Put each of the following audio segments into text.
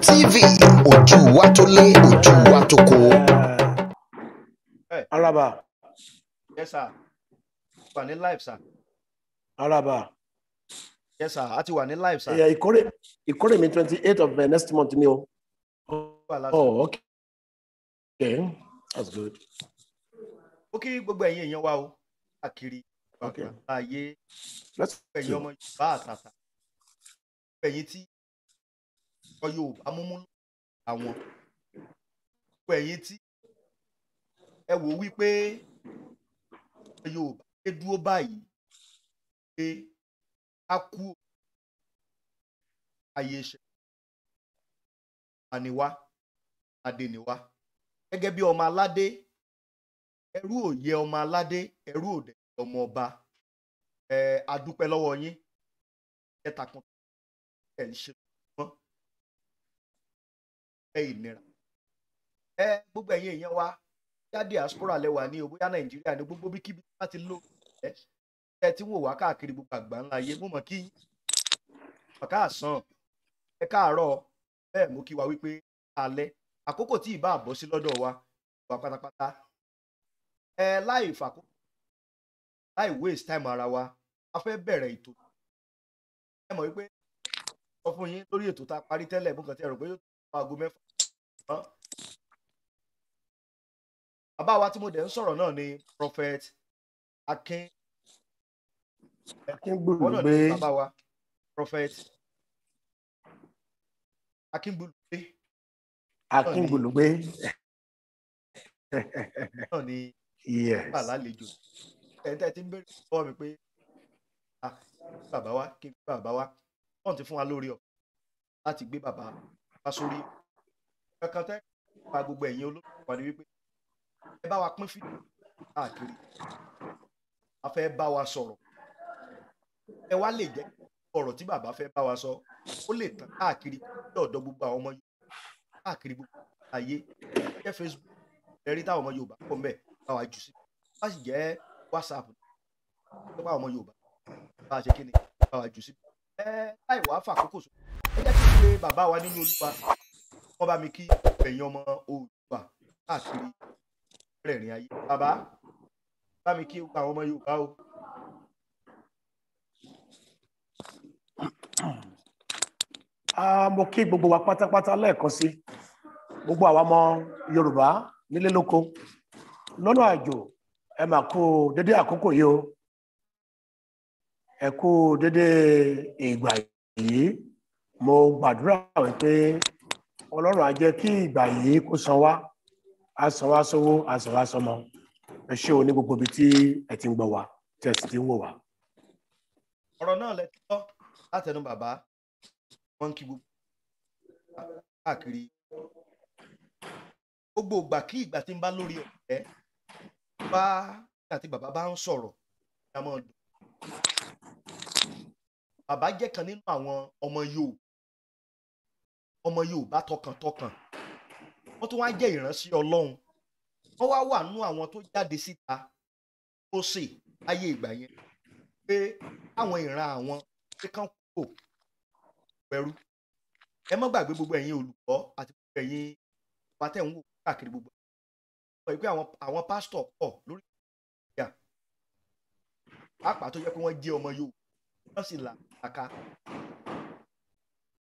TV ojú wa tó lé ojú wa tó kó. Araba. Yes sir. Wà ní live sir. Araba. Yes sir, a ti wà ní live sir. Ẹ̀yà ìkórè ìkórè mi twenty eight of uh, next month ni o. Oh, okay. okay. That's good. Ó kí gbogbo ẹ̀yin èèyàn wa o, àkiri àgbà ayé, ẹ̀yin ọmọ Yorùbá àtàtà, ẹ̀yin tí sọ Yorùbá múmú àwọn gbogbo ẹ̀yin tí ẹ wò wípé Yorùbá ṣe dúró báyìí pé a kú àyè ìṣẹ̀lẹ̀ àníwá adéníwá gẹ́gẹ́ bí ọmọ aládé ẹrú òye ọmọ aládé ẹrú òde ọmọ ọba ẹ adúpẹ́ lọ́wọ́ yín ẹ takun ẹ ń ṣe ìnira ẹ gbogbo ẹ̀yin èèyàn wa já diaspora lẹ́wà ní bóyá nàìjíríà ní gbogbo bíkíbi láti lò ẹ ẹ tí wọn ò wá káàkiri gbogbo àgbà ńlá ayé mú mọ kí ọkà àsán ẹ káàárọ̀ bẹ́ẹ̀ mú kí wa wípé alẹ́ àkókò tí ìbá sí wa wà pátápátá ẹ láì fàkó láì waste time aago mẹ́fà. bàbá wa tí mo dẹ̀ ń sọ̀rọ̀ náà ni prophet akin akíngbùlùgbé bàbá wa prophet akíngbùlùgbé. akíngbùlùgbé. náà ni bàbá lálejò ẹ̀ńtẹ́ ti ń bèrè lọ́wọ́ mi pé ah, bàbá wa kí bàbá wa wọ́n ti fún wa lórí ọ̀ láti gbé bàbá wá sórí kankan tẹ́ pa gbogbo ẹ̀yin olóòtú wà ní wípé ẹ bá wa pín fídíò káàkiri a fẹ́ bá wa sọ̀rọ̀ ẹ wá lè jẹ́ ọ̀rọ̀ tí bàbá fẹ́ bá wa sọ ó lè tàn káàkiri lọ́dọ̀ gbogbo àwọn ọmọ Yorùbá káàkiri gbogbo ayé jẹ́ Facebook ẹ̀rí táwọn ọmọ Yorùbá pọ̀ mbẹ́ bá wa jù sí bá sì jẹ́ WhatsApp nípa àwọn ọmọ Yorùbá bá a ṣe kí ni bá wa jù sí ẹ láì wá fàkókò sọ ẹ jẹ́ kí pé bàbá wa nínú olúwa wọ́n bá mi kí ẹ̀yin ọmọ Oòduà káàkiri rẹ̀rìn ayé bàbá bá mi kí àwọn ọmọ Yorùbá o. mo kí gbogbo wa pátápátá lẹ́ẹ̀kan sí gbogbo àwa ọmọ Yorùbá nílé lóko lọ́nà àjò ẹ máa kú dédé àkókò yìí o ẹ kú dédé ìgbà yìí mo gbàdúrà wípé ọlọ́run á jẹ́ kí ìgbà yìí kó san wá á san wá sówó á san wá sọmọ ẹ ṣé o ní gbogbo ibi tí ẹ ti ń gbọ́ wá tí ẹ sì ti ń wò wá. ọ̀rọ̀ náà lẹ tọ́ látẹnu bàbá wọn kí gbogbo káàkiri gbogbo ìgbà kí ìgbà tí ń bá lórí ọ̀rẹ́ bá àti bàbá bá ń sọ̀rọ̀ ìyá máa dùn. bàbá jẹ́ kan nínú àwọn ọmọ Yorùbá ọmọ Yorùbá tọkàntọkàn wọ́n tún wá jẹ́ ìránṣẹ́ Ọlọ́run wọ́n wá wà nú àwọn tó jáde síta tó ṣe láyé ìgbà yẹn pé àwọn ìran àwọn pé kán kúrò pẹ̀rú ẹ má gbàgbé gbogbo ẹ̀yin olùkọ́ àti gbogbo ẹ̀yin ọba tẹ̀ ń wò káàkiri gbogbo ẹ̀ pé àwọn pásítọ̀ pọ̀ lórí ìgbà pàápàá tó yẹ pé wọ́n jẹ́ ọmọ Yorùbá wọ́n sì là kàkà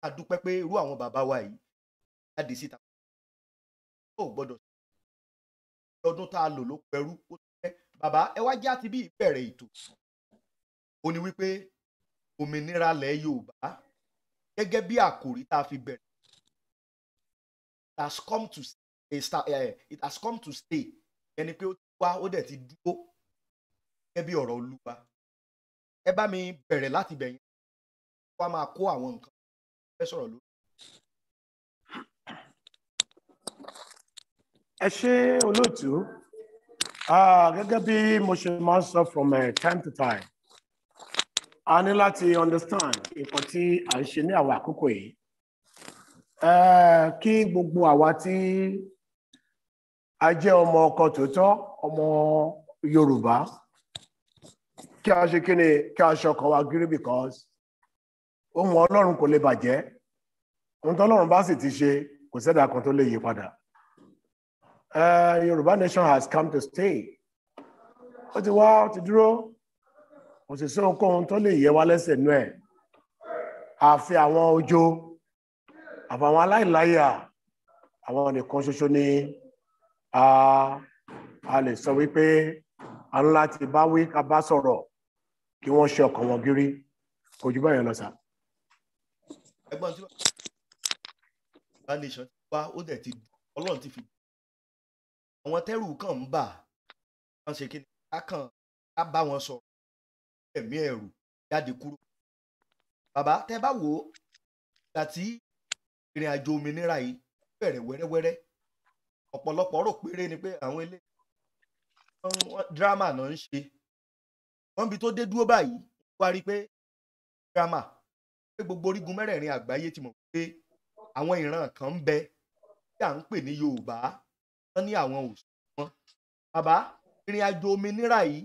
a dúpẹ́ pé irú àwọn bàbá wa yìí jáde síta ó gbọ́dọ̀ ọdún tá a lò ló pẹ̀rú ó ti pẹ́ bàbá ẹ wá já ti bí ìbẹ̀rẹ̀ ètò ó ní wípé òmìnira lẹ̀ Yorùbá gẹ́gẹ́ bí àkòrí tá a fi bẹ̀rẹ̀ it has come to stay it has come to stay ẹni pé ó ti wá ó dẹ̀ ti dúró gẹ́gẹ́ bí ọ̀rọ̀ Olúwa ẹ bá mi bẹ̀rẹ̀ láti bẹ̀yìn wá máa kó àwọn nǹkan fẹ́ sọ̀rọ̀ lórí. ẹ ṣe olóòtú gẹ́gẹ́ bí mo ṣe máa ń sọ from uh, time to time a ní láti understand nǹkan tí à ń ṣe ní àwọn àkókò yìí kí gbogbo àwa tí a jẹ́ ọmọ ọkọ tòótọ́ ọmọ Yorùbá kí a ṣe kí ni kí a ṣọkàn wa gírí because ohun ọlọ́run kò lè bàjẹ́ ohun tọ́lọ́run bá sì ti ṣe kò sẹ́dá kan tó lè yí padà yorùbá nation has come to stay ó ti wá ó ti dúró kò sì sí ohunkóhun tó lè yẹ wá lẹ́sẹ̀ nú ẹ̀ àfi àwọn ojo àfàwọn aláìláyà àwọn nìkan ṣoṣo ni a lè sọ wípé a ń láti bá wí ká bá sọ̀rọ̀ kí wọ́n ṣe ọkàn wọn gírí kò jù báyìí lọ ẹgbọ́n tí Yorùbá nation wá ó dẹ̀ ti ọlọ́run ti fi àwọn tẹ́rù kàn ń bà wọ́n ṣe kí ni ká kàn ká bá wọn sọ̀rọ̀ ẹ̀mí ẹ̀rù jáde kúrò bàbá tẹ́ bá wò ó ìgbà tí ìrìn àjò òmìnira yìí bẹ̀rẹ̀ wẹ́rẹ́wẹ́rẹ́ ọ̀pọ̀lọpọ̀ rò péré ni pé àwọn ilé dírámà náà ń ṣe wọ́n bi tó dé dúró báyìí wá rí i pé dírámà gbogbo orígun mẹ́rẹ̀ẹ̀rin àgbáyé ti mọ̀ pé àwọn ìran kan ń bẹ tí à ń pè ní Yorùbá wọ́n ní àwọn òsùn wọn. bàbá ìrìn àjò òmìnira yìí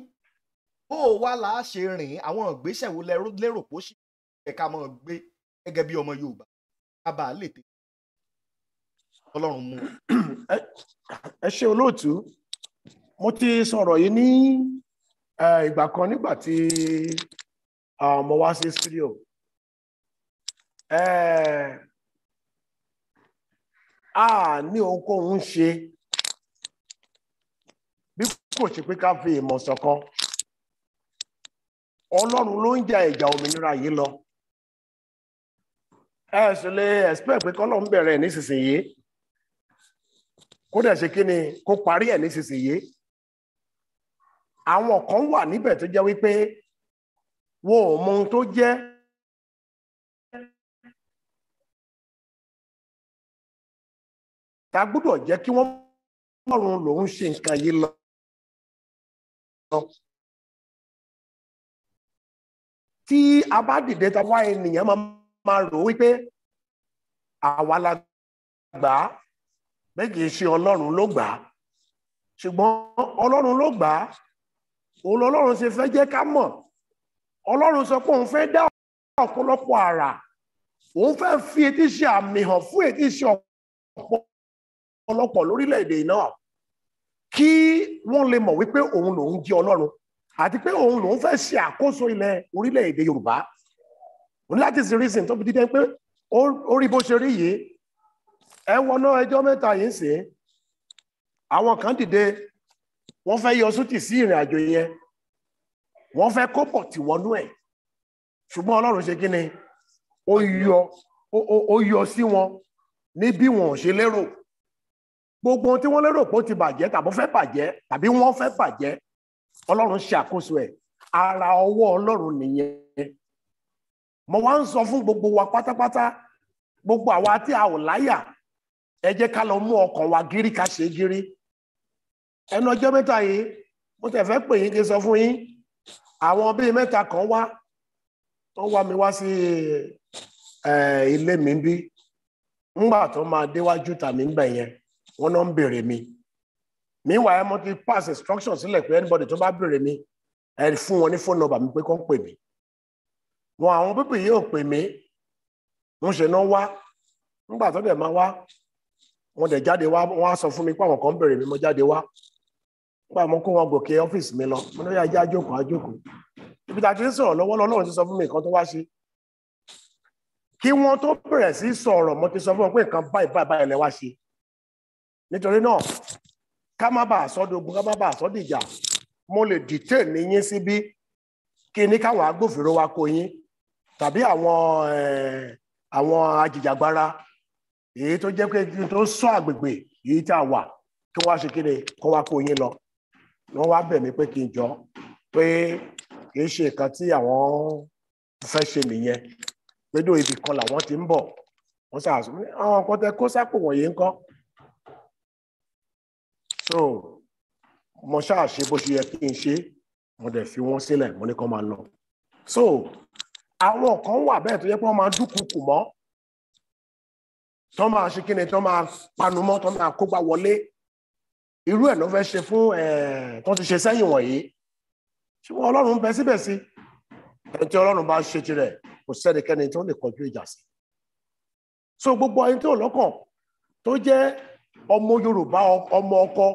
bó o wá là á ṣe rìn àwọn ìgbésẹ̀ wo lérò pó sì ẹ̀ka mọ̀ gbé gẹ́gẹ́ bí ọmọ Yorùbá kábà lè tẹ̀ Ọlọ́run mú. ẹ ṣe olóòtú mo ti sọ̀rọ̀ yìí ní ìgbà kan nígbà tí mo wá sí studio Eh, a ní ohunkóhun ṣe bí kò ṣe pé ká fi ìmọ̀ ṣọ̀kan ọlọ́run ló ń ja ìjà òmìnira yìí lọ ẹ sì lè expect pé kọ́lọ́run bẹ̀rẹ̀ nísinsìnyí kó dẹ̀ ṣe kí ni kó parí ẹ̀ nísinsìnyí àwọn kan wà níbẹ̀ tó jẹ́ wípé wọ́n ò mọ ohun tó jẹ́ tá a gbọ́dọ̀ jẹ́ kí wọ́n mọ̀rún lòún ṣe nǹkan yìí lọ. tí a bá dìde ta wá ènìyàn máa máa rò wípé àwa la gbà á bẹ́ẹ̀ kì í ṣe ọlọ́run ló gbà á ṣùgbọ́n ọlọ́run ló gbà á òun ṣe fẹ́ jẹ́ ká mọ̀ ọlọ́run sọ pé òun fẹ́ dá ọ̀pọ̀lọpọ̀ àrà òun fẹ́ fi etí ṣe àmì hàn fún etí ṣe ọ̀pọ̀ ọ̀pọ̀lọpọ̀ lórílẹ̀‐èdè náà kí wọ́n lè mọ̀ wípé òun lòun jẹ́ ọlọ́run àti pé òun lòun fẹ́ ṣe àkóso ilẹ̀ orílẹ̀‐èdè yorùbá láti ṣe reason tó fi dídẹ́ pé ó rí bó ṣe rí yìí ẹ wọná ẹjọ́ mẹ́ta yìí ń sìn àwọn kan dìde wọ́n fẹ́ yọ sútì sí ìrìn àjò yẹn wọ́n fẹ́ kó pọ̀ tì wọ́nú ẹ̀ ṣùgbọ́n ọlọ́run ṣe kí ni ó yọ sí wọn ní bí wọn ò ṣe lérò gbogbo ohun tí wọ́n lérò pé ó ti bàjẹ́ tàbí wọ́n fẹ́ bàjẹ́ tàbí wọ́n fẹ́ bàjẹ́ ọlọ́run ṣe àkóso ẹ̀ ara ọwọ́ ọlọ́run nìyẹn mo wá ń sọ fún gbogbo wa pátápátá gbogbo àwa tí a ò láyà ẹ jẹ́ ká lọ mú ọkàn wa gírí ká ṣe gírí ẹnu ọjọ́ mẹ́ta yìí mo tẹ̀ fẹ́ pè yín kí n sọ fún yín àwọn bíi mẹ́ta kan wá tó wá mi wá sí ilé mi bí ńgbà tó máa déwájú tàmí ń bẹ̀ wọ́n náà ń béèrè mi meanwhile mo ti pass instruction sílẹ̀ pé anybody tó bá béèrè mi ẹ fún wọn ní phone number mi pé kó ń pè mí wọn àwọn pípì yìí ò pè mí ń ṣe náà wá nígbà tó dẹ̀ máa wá wọn dẹ̀ jáde wá wọn á sọ fún mi pé àwọn kan béèrè mi mo jáde wá nígbà mo kó wọn gòkè ọ́fíìsì mi lọ mo ní ajá àjókòó àjókòó ibi tá a ti ń sọ̀rọ̀ lọ́wọ́ lọ́wọ́ ti sọ fún mi nǹkan tó wá ṣe kí wọ́n tó bẹ̀rẹ̀ sí sọ̀rọ̀ mo ti sọ fún wọn pé nǹkan báyìí báyìí báyìí lẹ wá ṣe nítorí náà ká má bàa sọ́dọ̀gùn ká má bàa dite mo lè detain ní yín síbí kí ní káwọn agbófinró wa kó yín tàbí àwọn eh, àwọn ajìjàgbara èyí tó jẹ́ pé tó sọ àgbègbè èyí tá a wà kí wọ́n á ṣe kí ni kó yín lọ wọ́n wá bẹ̀ mí pé kí n jọ pé kì í ṣe nǹkan tí àwọn fẹ́ ṣe nìyẹn ibì ti ń bọ̀ wọ́n àwọn kan tẹ kó sápò wọ̀nyí so mo ṣáà ṣe bó ṣe yẹ kí n ṣe mo dẹ̀ fi wọ́n sílẹ̀ mo ní kó máa lọ so àwọn kan wà bẹ́ẹ̀ tó yẹ pé wọ́n máa dúnkùkù mọ́ tọ́ máa ṣe kí ni tọ́ máa panumọ́ tọ́ máa kógbá wọlé irú ẹ̀ ló fẹ́ ṣe fún tó ti ṣe sẹ́yìn wọ̀nyí ṣùgbọ́n ọlọ́run bẹ síbẹ̀ ẹni tí ọlọ́run bá ṣe tirẹ̀ kò sẹ́nikẹ́ni tó lè kọjú ìjà sí so gbogbo ẹni tó lọ́kàn tó jẹ́ ọmọ yorùbá ọmọ ọkọ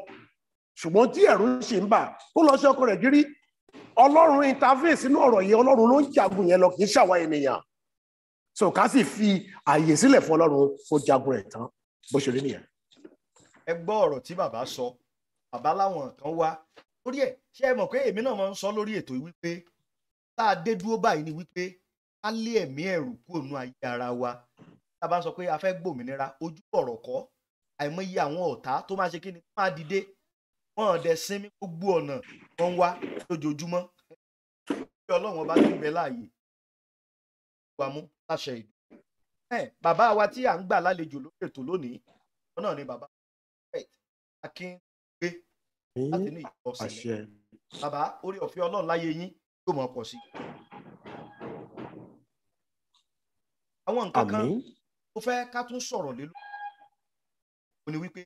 ṣùgbọ́n tí ẹ̀rù ń ṣe ń bà kó lọ ṣe ọkọ rẹ̀ gírí ọlọ́run interface inú ọ̀rọ̀ yẹn ọlọ́run ló ń jagun yẹn lọ kì í ṣàwa ènìyàn so ká sì fi àyè sílẹ̀ fún ọlọ́run kó jagun rẹ̀ tán bó ṣe rí nìyẹn. ẹ gbọ́ ọ̀rọ̀ tí bàbá sọ bàbá láwọn kan wá lórí ẹ̀ ṣé ẹ mọ̀ pé èmi náà máa ń sọ lórí ètò wípé tá a dé dúró báyìí ni wípé ká lé ẹ̀mí ẹ̀rù kúrò nú ayé ara wa tá a bá ń sọ pé a fẹ́ gbòmìnira ojú ọ̀rọ̀ kọ́ àìmọye àwọn ọ̀tá tó máa ṣe kíni máa dìde wọn ọ̀dẹ sinmi gbogbo ọ̀nà wọn wá lójoojúmọ́ bí ọlọ́run ọba tó ń bẹ láàyè wà mú láṣẹ ìlú. bàbá wa tí à ń gbà lálejò lórí ètò lónìí wọn náà ni bàbá akíngbé láti ní ìtọ́sílẹ̀ bàbá orí ọ̀fẹ́ ọlọ́run láyé yín yóò mọ̀ pọ̀ sí. àwọn nǹkan kan tó fẹ́ ká tún sọ̀rọ̀ lé lórí ni wípé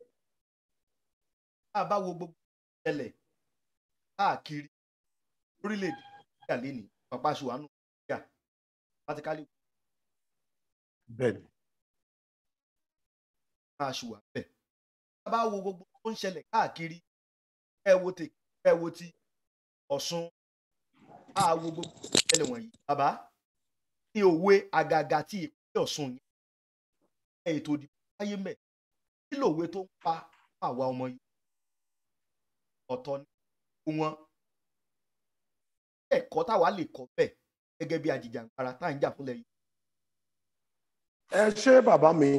a bá wo gbogbo ẹlẹ̀ káàkiri lórílẹ̀‐èdè nàìjíríà lẹ́nu pàpà ṣùwánù nàìjíríà pátákálì. bẹ́ẹ̀ni. máa ṣùwà bẹ́ẹ̀ a bá wo gbogbo tó ń ṣẹlẹ̀ káàkiri ẹ wo ti ẹ wo ti ọ̀ṣun á wo gbogbo ìṣẹ̀lẹ̀ wọ̀nyí bàbá ní òwe àgàgà tí ìpínlẹ̀ ọ̀ṣun yẹn ètò ìdìbò wáyé mẹ́ẹ̀ kí lòwe tó ń pa àwa ọmọ yìí ọ̀tọ̀ ní wọn ẹ̀kọ́ táwa lè kọ́ bẹ́ẹ̀ gẹ́gẹ́ bí ajìjàǹgbara tá à ń jà fúnlẹ̀ yìí. ẹ ṣé bàbá mi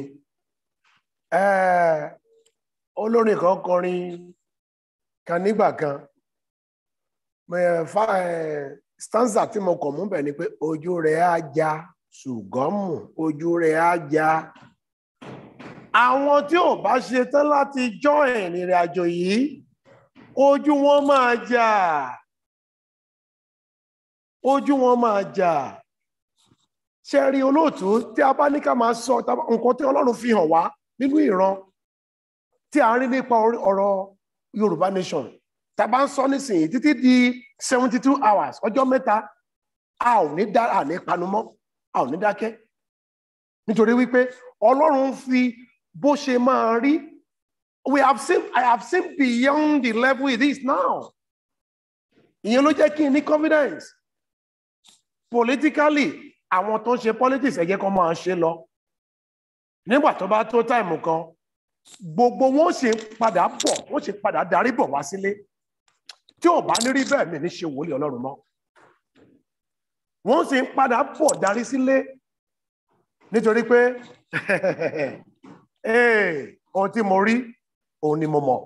olórin kan kọrin kan nígbà kan stanza tí mo kọ̀ mú bẹ̀ ni pé ojú rẹ̀ á já ṣùgbọ́n mù ojú rẹ̀ á já àwọn tí ò bá ṣe tán láti join ìrìn àjò yìí ojú wọn máa jà ojú wọn máa jà ṣe rí olóòtú tí a bá ní ká máa sọ nǹkan tí Ọlọ́run fi hàn wá nínú ìran tí a rí nípa ọ̀rọ̀ Yorùbá nation tá a bá ń sọ nísìnyí títí di seventy two hours ọjọ́ mẹ́ta a ò ní dá a ní panu mọ́ a ò ní dákẹ́ nítorí wípé Ọlọ́run fi bó ṣe máa rí we have seen I have seen beyond the level it is now ìyẹn ló jẹ́ kí n ní confidence politically àwọn tó ń ṣe politics ẹ̀jẹ̀ kan máa ṣe lọ nígbà tó bá tó táìmù kan gbogbo wọn ṣe padà bọ̀ wọn ṣe padà darí bọ̀ wá sílé tí ò bá ní rí bẹ́ẹ̀ mi ní ṣe wòlíì Ọlọ́run mọ́ wọn ṣe padà bọ̀ darí sílé nítorí pé ee ohun tí mo rí òun ni mo mọ̀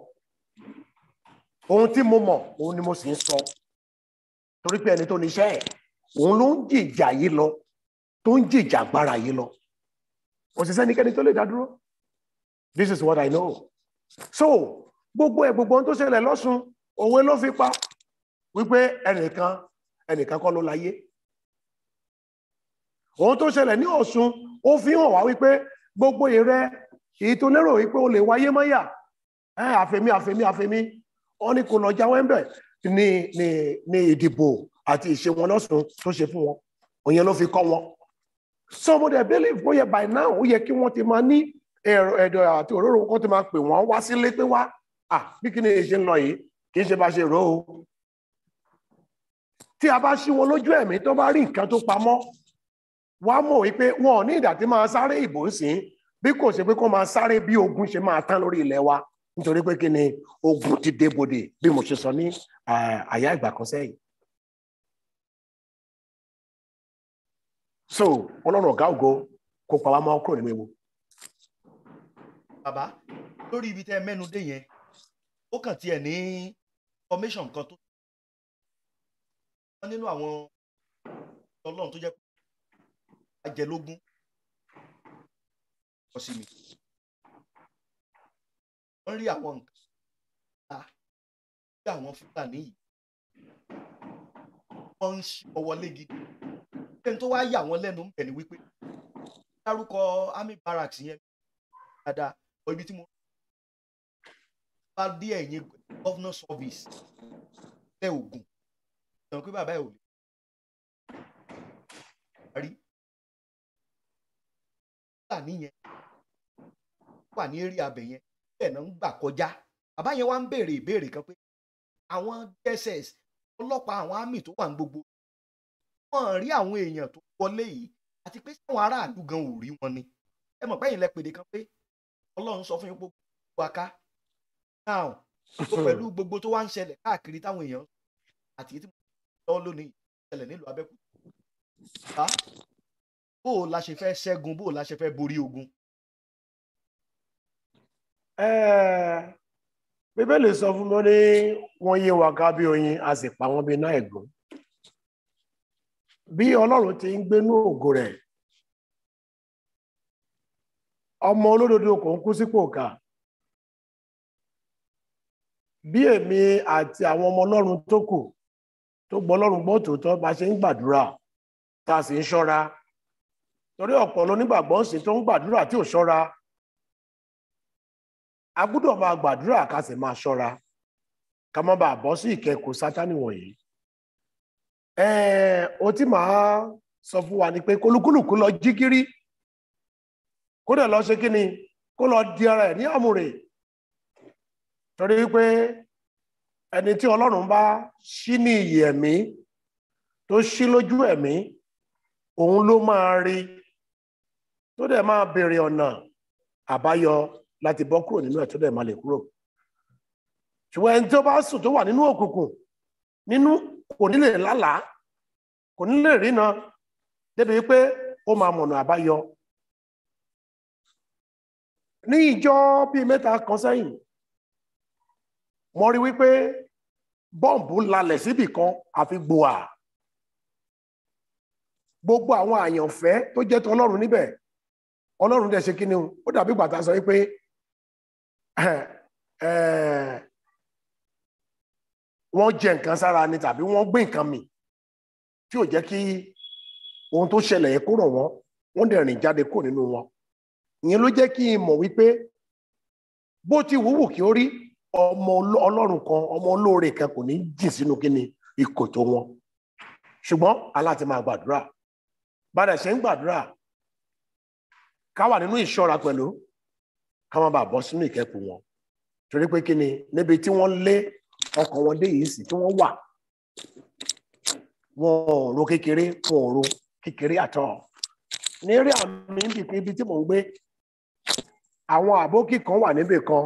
ohun tí mo mọ̀ òun ni mo sì ń sọ torí pé ẹni tó níṣẹ́ ẹ̀ òun ló ń jìjà yìí lọ tó ń jìjà agbára yìí lọ òṣìṣẹ́ ẹnikẹ́ni tó lè dá dúró this is what I know so gbogbo ẹ̀ gbogbo ohun tó ṣẹlẹ̀ lọ́sùn òwe ló fi pa wípé ẹnìkan ẹnìkan kọ́ ló láyé ohun tó ṣẹlẹ̀ ní Ọ̀ṣun ó fi hàn wá wípé gbogbo ìrẹ́ èyí tó lérò wípé o lè wáyé mọ́yà àfẹ́mí àfẹ́mí àfẹ́mí wọn ni kò lọ jáwé ńbẹ ní ní ní ìdìbò àti ìṣe wọn lọ́sùn tó ṣe fún wọn òyìn ló fi kọ́ wọn. so mo dẹ̀ believe bóyá by now ó yẹ kí wọ́n ti máa ní ẹ̀rọ ẹ̀dọ̀ àti òróró kó ti máa pè wọ́n wá sílé pé wá à bí kí ni ìṣe ń lọ yìí kì í ṣe bá ṣe rò ó. tí a bá ṣíwọ́ lójú ẹ̀mí tó bá rí nǹkan tó pamọ́ wàá mọ̀ wípé wọn ò ní ìdàtí bí kò ṣe pé kó máa sáré bí ogun ṣe máa tán lórí ilẹ̀ wa nítorí pé kí ni ogun ti dé bodè bí mo ṣe sọ ní àyà ìgbà kan sẹ́yìn. so ọlọ́run ọ̀gá ògo kò pa wá mọ́ kúrò nínú ewu. bàbá lórí ibi tẹ ẹ dé yẹn ó kàn tiẹ̀ ní formation kan tó wọ́n nínú àwọn ọlọrun tó jẹ pé ajẹ́lógún kọ́ sí mi wọ́n rí àwọn nǹkan ta bí àwọn fúlàní yìí wọ́n ń ṣọwọ́lé gidi ẹni tó wá yà wọ́n lẹ́nu ń bẹ̀ wípé dárúkọ army barracks yẹn dáadáa ọ ibi tí mo bá dé ẹ̀yìn governor service ẹ̀ Ògùn ìtàn pé bàbá ẹ̀ ò lè parí fúlàní yẹn wà ní eré abẹ yẹn bẹ́ẹ̀ náà ń gbà kọjá bàbá yẹn wá ń béèrè ìbéèrè kan pé àwọn DSS ọlọ́pàá àwọn army tó wà ní gbogbo wọn rí àwọn èèyàn tó wọlé yìí àti pé sáwọn aráàlú gan ò rí wọn ni ẹ mọ̀ pé ẹ̀yin kan pé Ọlọ́run sọ fún yín pé gbogbo aká now tó pẹ̀lú gbogbo tó wá ń ṣẹlẹ̀ káàkiri táwọn èèyàn àti èyí tí lónìí ṣẹlẹ̀ nílùú Abẹ́òkúta bó o la ṣe fẹ́ ṣẹ́gun bó o la ṣe fẹ́ borí ogun Eh, bíbélì sọ fún mọ́ ní wọ́n yé wa ká bí oyin a sì pa wọ́n bí iná ẹ̀gún bí ọlọ́run ti ń gbénú ògo rẹ̀ ọmọ olódodo kò ń kú sípò ká bí èmi àti àwọn ọmọ ọlọ́run tó kù tó gbọ́ ọlọ́run gbọ́ tòótọ́ bá ṣe ń gbàdúrà tá a sì ń ṣọ́ra torí ọ̀pọ̀ lónígbàgbọ́ tó ń gbàdúrà tí ò ṣọ́ra a gbọ́dọ̀ máa gbàdúrà ká sì máa ṣọ́ra ká má bàa bọ́ sí ìkẹ́kọ̀ọ́ sátánì wọ̀nyí. ó ti máa sọ fún wa ni pé kólúkúlùkù lọ jí gírí kó dẹ̀ lọ ṣe kí ni kó lọ di ara ẹ̀ ní àmúre torí pé ẹni tí ọlọ́run bá ṣí ní iyì ẹ̀mí tó ṣí lójú ẹ̀mí òun ló máa rí tó dẹ̀ máa béèrè ọ̀nà àbáyọ láti bọ́ kúrò nínú ẹ̀ tó dẹ̀ máa lè kúrò ṣùgbọ́n ẹni tó bá sùn tó wà nínú òkùnkùn nínú kò ní lè lálàá kò ní lè rína débi pé ó máa mọ̀nà àbáyọ ní ìjọ bíi mẹ́ta kan sẹ́yìn mo rí wípé bọ́ǹbù lalẹ̀ síbì kan àfi gbòà gbogbo àwọn àyànfẹ́ tó jẹ́ tọ́lọ́run níbẹ̀ ọlọ́run dẹ̀ ṣe kí ni ó dàbí gbàtà sọ wípé Eh, eh, wọ́n jẹ nǹkan sára ni tàbí wọ́n gbé nǹkan mì tí ò jẹ́ kí ohun tó ṣẹlẹ̀ yẹn kó rọ̀ wọ́n wọ́n dẹ̀ rìn jáde kó nínú wọn ìyẹn ló jẹ́ kí n mọ̀ wípé bó ti wúwù kí ó rí ọmọ ọlọ́run kan ọmọ olóore kan kò ní jìn sínú kíni ìkòtò wọn ṣùgbọ́n aláti máa gbàdúrà bá dẹ̀ ṣe ń gbàdúrà ká wà nínú ìṣọ́ra pẹ̀lú ká má bàa sínú wọn torí pé níbi tí wọn lé ọkàn wọn dé tí wà wọn ro kékeré wọn ro kékeré àtọ ní rí àmì ibi tí gbé àwọn àbókí kan wà níbì kan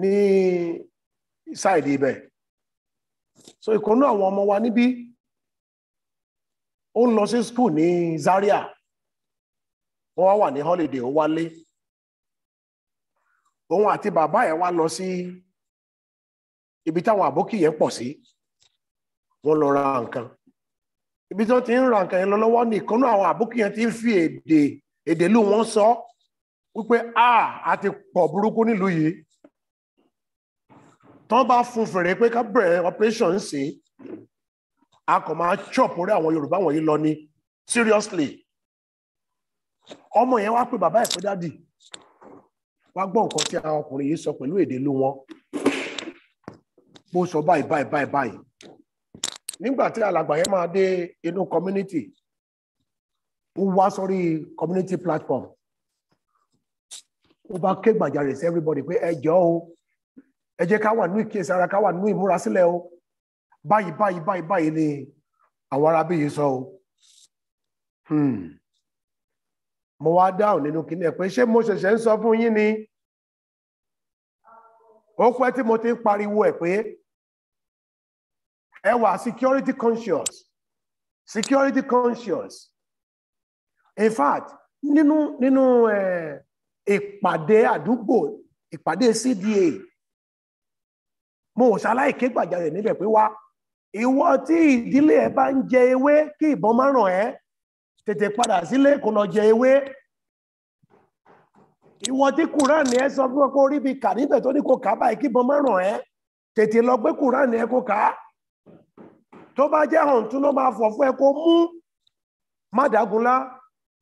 ní ṣáìdì ibẹ̀ so àwọn ọmọ wa níbí ó ń lọ sí ní Zaria wà ní ó wálé òun àti bàbá ẹ̀ wá lọ sí ibi táwọn àbókì yẹn pọ̀ sí wọ́n lọ ra nǹkan ibi tí wọ́n ti ń ra nǹkan yẹn lọ lọ́wọ́ nìkan náà àwọn àbókì yẹn ti ń fi èdè èdèlú wọn sọ wípé a a ti pọ̀ burúkú nílùú yìí tán bá fún fèrè pé ká bẹ̀rẹ̀ operation ń sè a kò máa chop orí àwọn Yorùbá wọ̀nyí lọ ni seriously ọmọ yẹn wá pé bàbá ẹ̀ pé dádì wá gbọ́ nǹkan tí àwọn ọkùnrin yìí sọ pẹ̀lú èdè ìlú wọn bó sọ báyìí báyìí báyìí báyìí nígbà tí alàgbà yẹn máa dé inú community ó wá sórí community platform ó bá ké gbàjarè sí everybody pé ẹ jọ̀ọ́ o ẹ jẹ́ ká wà ní ìkíyèsí ara ká wà ní ìmúrasílẹ̀ o báyìí báyìí báyìí báyìí ni àwọn arábí sọ o. Hmm mo wá dáhùn nínú kíní ẹ̀ pé ṣé mo ṣẹ̀ṣẹ̀ ń sọ fún yín ni ó pẹ́ tí mo ti ń pariwo ẹ̀ pé ẹ wà security conscious security conscious in fact nínú nínú ìpàdé àdúgbò ìpàdé CDA mo ò ṣaláìké gbàjarè níbẹ̀ pé wá ìwọ tí ìdílé ẹ bá ń jẹ ewé kí ìbọn má ràn tètè padà sílé kò lọ jẹ ewé ìwọ tí kùránì ẹ sọ fún ọ pé orí bi kà níbẹ̀ tó ní kò kà báyìí kí bọ́n má ràn ẹ́ tètè lọ gbé kùránì ẹ kò kà á tó bá jẹ́ hàn tún ló máa fọ̀ fún ẹ kó mú má dàgúnlá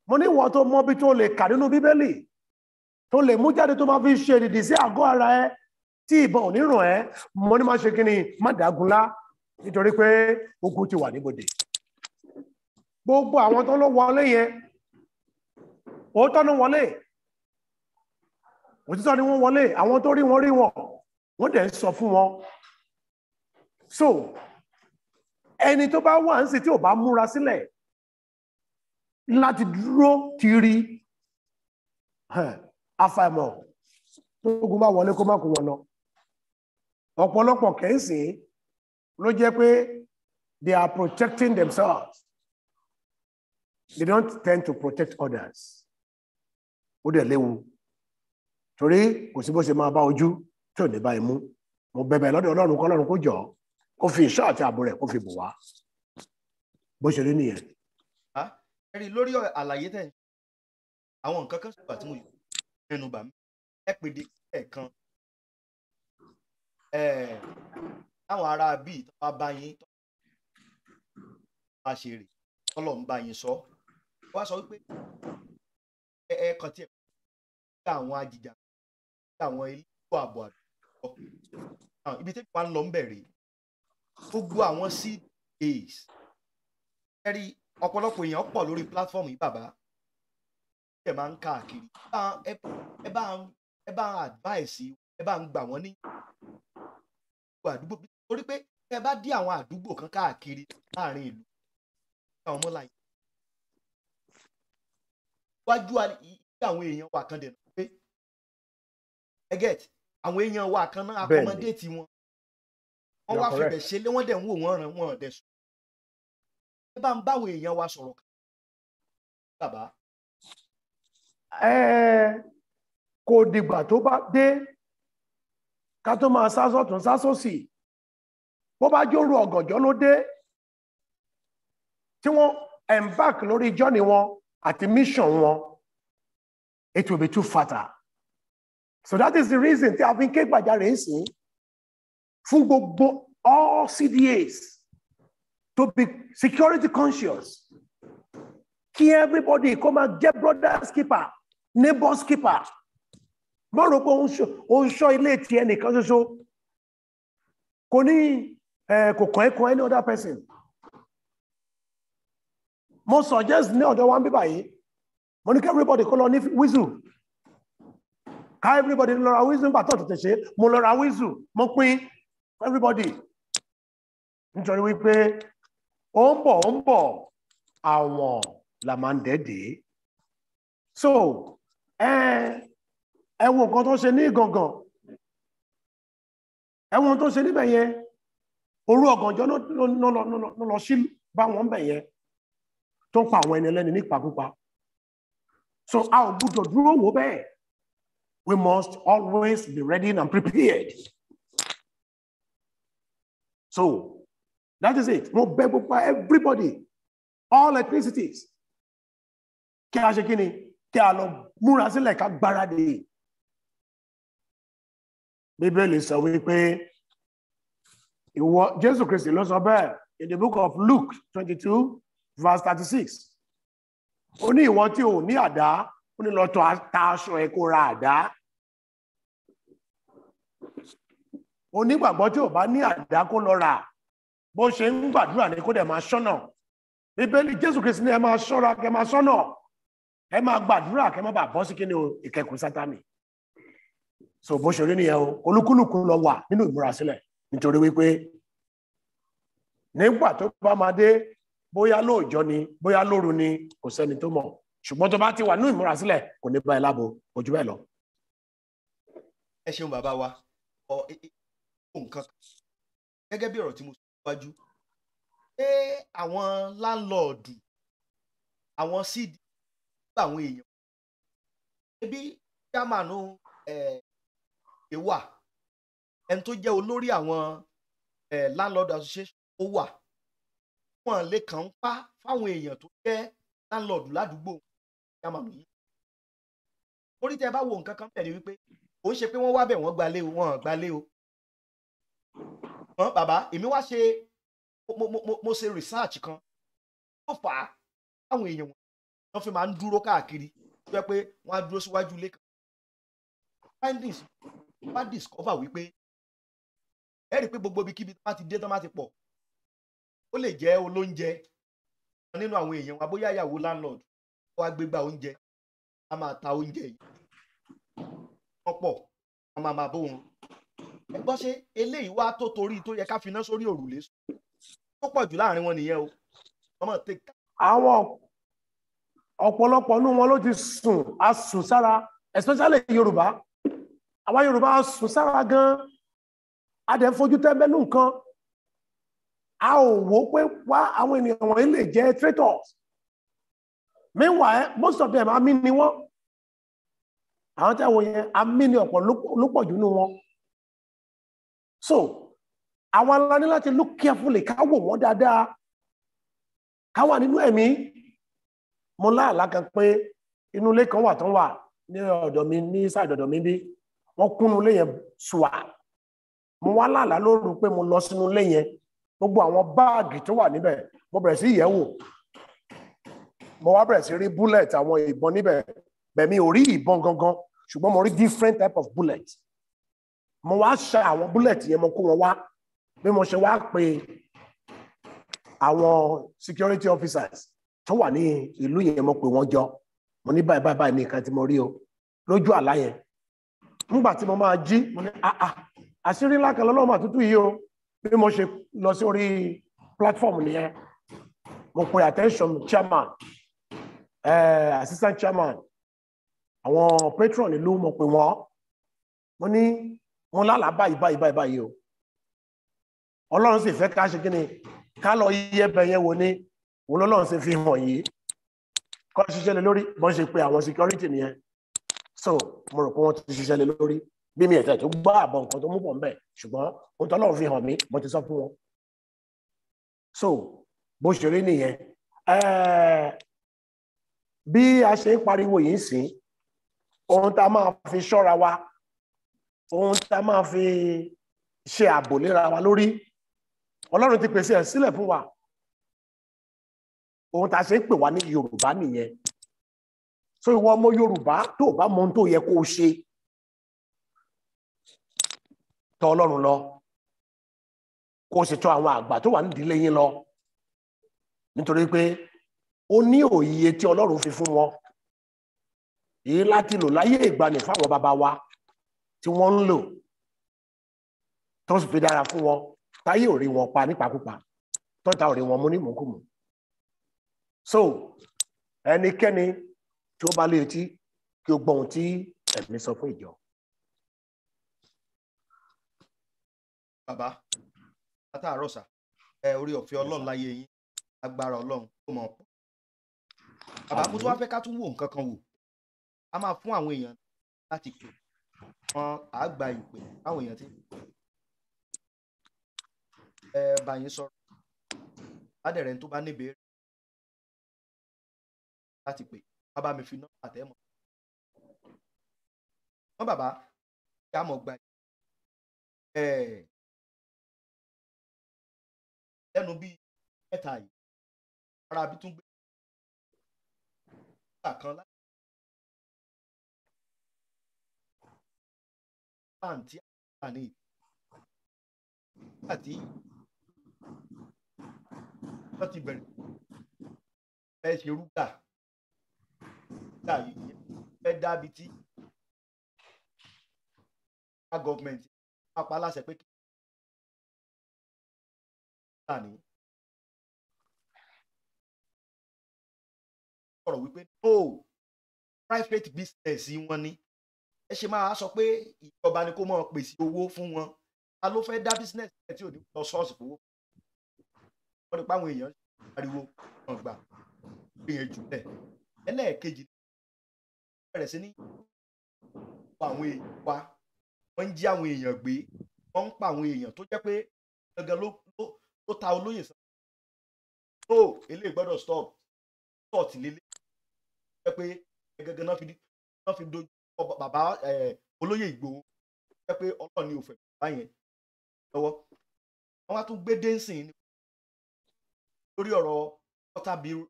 mo ní ìwọ tó mọ bí tó lè kà nínú bíbélì tó lè mú jáde tó máa fi ṣe ìdìdì sí àgọ́ ara ẹ tí ìbọn ò ní ràn ẹ́ mo ní má ṣe kí ni má dàgúnlá nítorí pé ogun ti wà níbodè gbogbo àwọn tó ló wọlé yẹn òótọ́ ló wọlé òtítọ́ ni wọ́n wọlé àwọn tó rí wọn rí wọn wọ́n dẹ̀ ń sọ fún wọn so ẹni tó bá wà ń sì tí ò bá múra sílẹ̀ láti dúró ti rí àfàìmọ̀ tógun bá wọlé kó má kó wọn lọ ọ̀pọ̀lọpọ̀ kẹ́sì ló jẹ́ pé they are protecting themselves they don't tend to protect others ó dẹ̀ léwu torí kò sí bó ṣe máa bá ojú tí ò ní bá imú mo bẹ̀bẹ̀ lọ́dọ̀ ọlọ́run kọ́ ọlọ́run kó jọ kó fi ìṣọ́ àti ààbò rẹ̀ kó fi bò wá bó ṣe rí nìyẹn. ẹ rí lórí àlàyé tẹ̀ àwọn nǹkan kan ṣùgbọ́n tí mo yọ ẹnu bà mí ẹ pèdè ẹ̀ẹ̀kan táwọn ará bíi tó bá bá yín tó bá ṣe rè tọ́lọ̀ ń bá yín sọ. So wọ́n sọ wípé ẹ kàn tiẹ̀ kí àwọn ajìjà kí àwọn ilé ìlú ààbò àdúgbò ibi tí wọ́n ń lọ ń bẹ̀rẹ̀ gbogbo àwọn cdas ẹ̀rí ọ̀pọ̀lọpọ̀ èèyàn pọ̀ lórí platform yìí bàbá ẹ̀ máa ń káàkiri ẹ bá ẹ bá advice ẹ bá ń gbà wọ́n ní àdúgbò torí pé ẹ bá dí àwọn àdúgbò kan káàkiri láàrin ìlú àwọn ọmọ láyé wájú àwọn èèyàn wa kan dènà pé ẹ get àwọn èèyàn wa kan náà accommodate wọn wọn wá fìbẹ̀ ṣe lé wọn dẹ̀ ń wò wọ́n ràn wọ́n dẹ̀ sùn ẹ bá ń báwọn èèyàn wa sọ̀rọ̀ kan bàbá. ẹ kò dìgbà tó bá dé ká tó máa sá sọ́tún sá sósì bó bá jórú ọ̀gànjọ́ ló dé tí wọ́n embark lórí journey wọn the mission one, it will be too fatal so that is the reason they have been kept by the ń sìn all CDAs to be security conscious Keep everybody come and get brothers keeper neighbors keeper má rò pé ó ń ṣọ́ ilé tiẹ̀ nìkan ṣoṣo kò eh, any other person. mo suggest ní ọ̀dọ̀ wa ń bí báyìí mo ní kí everybody kó lọ ní whistle ká everybody lọ ra whistle nígbà tó tètè ṣe mo lọ ra whistle mo pín everybody nítorí wípé ó ń bọ̀ ó ń bọ̀ àwọn la máa ń dẹ́dẹ́ so ẹ wo nǹkan tó ṣe ní gangan ẹ wo nǹkan tó ṣe níbẹ̀ yẹn òru ọ̀gànjọ́ ló lọ sí báwọn bẹ̀ yẹn tó ń pa àwọn ẹni ẹlẹ́ni nípakúpa so a ò gbúdọ̀ dúró wò bẹ́ẹ̀ we must always be ready and prepared so that is it mo bẹ̀ gbogbo everybody all ethnicities kí a ṣe kí ni kí a lọ múra sílẹ̀ ká gbáradì bíbélì sọ wípé ìwọ jésù kristi ló sọ bẹ́ẹ̀ in the book of luke twenty two verse thirty six ó ní ìwọ tí ò ní àdá ó ní lọ tọ ta aṣọ ẹ kó ra àdá onígbàgbọ́ tí ò bá ní àdá kó lọ rà bó ṣe ń gbàdúrà ní kó dẹ̀ máa ṣọ́nà bíbélì jésù kristi ní ẹ máa ṣọ́ra kẹ máa ṣọ́nà ẹ máa gbàdúrà kẹ má bàa bọ́ sí kí ni ìkẹkùn sátánì so bó ṣe rí nìyẹn o olúkúlùkù lọ wà nínú ìmúrasílẹ̀ nítorí wípé nígbà tó bá máa dé bóyá lóòjọ́ ni bóyá lóru ni kò sẹ́ni tó mọ̀ ṣùgbọ́n tó bá ti wà ní ìmúrasílẹ̀ kò ní bá ẹ lábo ojú bẹ́ẹ̀ lọ. ẹ ṣeun bàbá wa ọ nǹkan gẹ́gẹ́ bí ọ̀rọ̀ tí mo sọ wájú ṣé àwọn láńlọ́ọ̀dù àwọn cd gbà àwọn èèyàn ebi jámánù ẹ wà ẹni tó jẹ́ olórí àwọn láńlọ́ọ̀dù association ó wà wọn lè kàn ń pa fáwọn èèyàn tó jẹ́ láńlọ́ọ̀dù ládùúgbò yàmàlú yìí orí tẹ bá wo nǹkan kan bẹ̀rẹ̀ wípé ó ń ṣe pé wọ́n wá bẹ̀ wọ́n gbalé o wọ́n gbalé o wọ́n bàbá èmi wá ṣe mo mo mo ṣe research kan tó fà á táwọn èèyàn wọn fi máa ń dúró káàkiri tó jẹ́ pé wọ́n á dúró síwájú ilé kan findings wá discover wípé ẹ rí i pé gbogbo ibikíbi tó bá ti dé tó bá ti pọ̀ ó lè jẹ́ olóúnjẹ nínú àwọn èèyàn wa bóyá ìyàwó landlord wá gbégbá oúnjẹ a máa ta oúnjẹ yìí wọ́n pọ̀ wọ́n máa máa bó wọn ẹ gbọ́ ṣe eléyìí wá tó torí tó yẹ ká finá sórí òrùlé tó pọ̀ jù láàrin wọn nìyẹn o wọ́n mọ̀ tẹ́ka. àwọn ọ̀pọ̀lọpọ̀ nínú wọn ló ti sùn a sùn sára especially Yorùbá àwa Yorùbá a sùn sára gan-an a dẹ̀ fojú tẹ́ńbẹ́lú nǹkan a ò wò pé wá àwọn ènìyàn wọ̀nyí lè jẹ́ traitors meanwhile most of them amí ni wọ́n àwọn tẹ́wọ̀ yẹn amí ni ọ̀pọ̀ ló pọ̀ jù nínú wọn so àwọn aláni láti look carefully ká wò wọ́n dáadáa ká wà nínú ẹ̀mí mo láàlá kan pé inú ilé kan wà tán wà ní ọ̀dọ̀ mi ní sàdọ̀dọ̀ mi bí wọ́n kúnnú ilé yẹn ṣùwà mo wá láàlá lóru pé mo lọ sínú ilé yẹn gbogbo àwọn báàgì tó wà níbẹ̀ mo bẹ̀rẹ̀ sí yẹ̀wò mo wá bẹ̀rẹ̀ sí rí bullet àwọn ìbọn níbẹ̀ bẹ̀mí ò rí ìbọn gangan ṣùgbọ́n mo rí different type of bullet mo wá ṣa àwọn bullet yẹn mo kó wọn wá bí mo ṣe wá pe àwọn security officers tó wà ní ìlú yẹn mo pè wọ́n jọ mo ní báyìí báyìí báyìí nìkan tí mo rí o lójú àlá yẹn nígbà tí mo máa jí mo ní ah, ah, àṣírí ńlá kan lọ́lọ́mọ àtútù yìí o bí mo ṣe lọ sí orí platform nìyẹn mo pe attention chairman uh, assistant chairman àwọn patron ìlú mo pe wọn mo ní mo lálàá báyìí báyìí báyìí báyìí o ọlọ́run sì fẹ́ ká ṣe kí ni ká lọ yí ẹbẹ yẹn wo ni òun lọ́lọ́run ṣe fi hàn yìí kọ́ ṣiṣẹ́ lé lórí bọ́n ṣe pé àwọn security nìyẹn so mo rò pé wọ́n ti ṣiṣẹ́ lé lórí bí mi ẹ̀sẹ̀ tó gbọ́ àbọ̀ nǹkan tó mú pọ̀ mbẹ̀ ṣùgbọ́n ohun tó lọ́run fi hàn mí mo ti sọ fún wọn. so bó ṣe rí nìyẹn eh, bí a ṣe ń pariwo yìí sìn ohun tá a máa fi ṣọ́ra wa ohun tá a máa fi ṣe ààbò léra wa lórí ọlọ́run ti pèsè ẹ̀ sílẹ̀ fún wa ohun tá a ṣe ń pè wá ní yorùbá nìyẹn so ìwọ ọmọ yorùbá tó o bá mọ ohun tó yẹ kó o ṣe tọ̀ ọlọ́run lọ kó sì tọ̀ àwọn àgbà tó wà nídìílé yín lọ nítorí pé o ní òye tí ọlọ́run fi fún wọn èyí láti lò láyé ìgbani fáwọn bàbá wa tí wọ́n ń lò tó sì fi dára fún wọn táyé ò rí wọn pa nípakúpa tọ́ta ò rí wọn mú ní mùkúmù so ẹnikẹ́ni tí ó bá létí kí o gbọ́ tí ẹ̀mí sọ fún ìjọ. bàbá látàárọ̀ sà ẹ orí ọ̀fẹ́ ọlọ́run láyé yín agbára ọlọ́run tó mọ̀ pọ̀ bàbá mo tún wá fẹ́ ká tún wò nǹkan kan wò a máa fún àwọn èèyàn láti pè wọn à á gba ìpè àwọn èèyàn ti ẹ bá yín sọ̀rọ̀ ládẹ̀rẹ̀ tó bá níbèrè láti pè wọ́n bá mi fi nọ́mbà tẹ́ mọ̀ wọ́n bàbá kí a mọ̀ gba ẹ̀ lẹ́nu bíi mẹ́ta yìí ara bí tún gbé nígbà kan láti àǹtí àǹfààní àti wọ́n ti bẹ̀rẹ̀ ẹ ṣe rúgà rúgà yìí ẹ dábìí tí gọ́ọ̀mẹ̀ntì apá láṣẹ pé kí ní ọ̀rọ̀ wípé no private business wọn ni ẹ ṣe máa sọ pé ìjọba ni kó máa pèsè owó fún wọn ta ló fẹ́ dá business ẹ̀ tí ò ní lọ ṣọ́ọ̀ṣì fowó wọ́n ní páwọn èèyàn ariwo wọn gbà gbìyànjú jù lẹ̀ ẹlẹ́ẹ̀kejì bẹ̀rẹ̀ sí ní àwọn èèyàn wa wọ́n ń jí àwọn èèyàn gbé wọ́n ń pa àwọn èèyàn tó jẹ́ pé gangan ló ó ta olóyè sọ no eléyìí gbọ́dọ̀ stop stop lélẹ̀ ẹ pé gẹ́gẹ́ náà fi náà fi dojú bàbá olóyè Ìgbòho ẹ pé Ọlọ́run ni ò fẹ́ bàbá yẹn lọ́wọ́ wọ́n wá tún gbé dẹ́nsìn ní lórí ọ̀rọ̀ water bill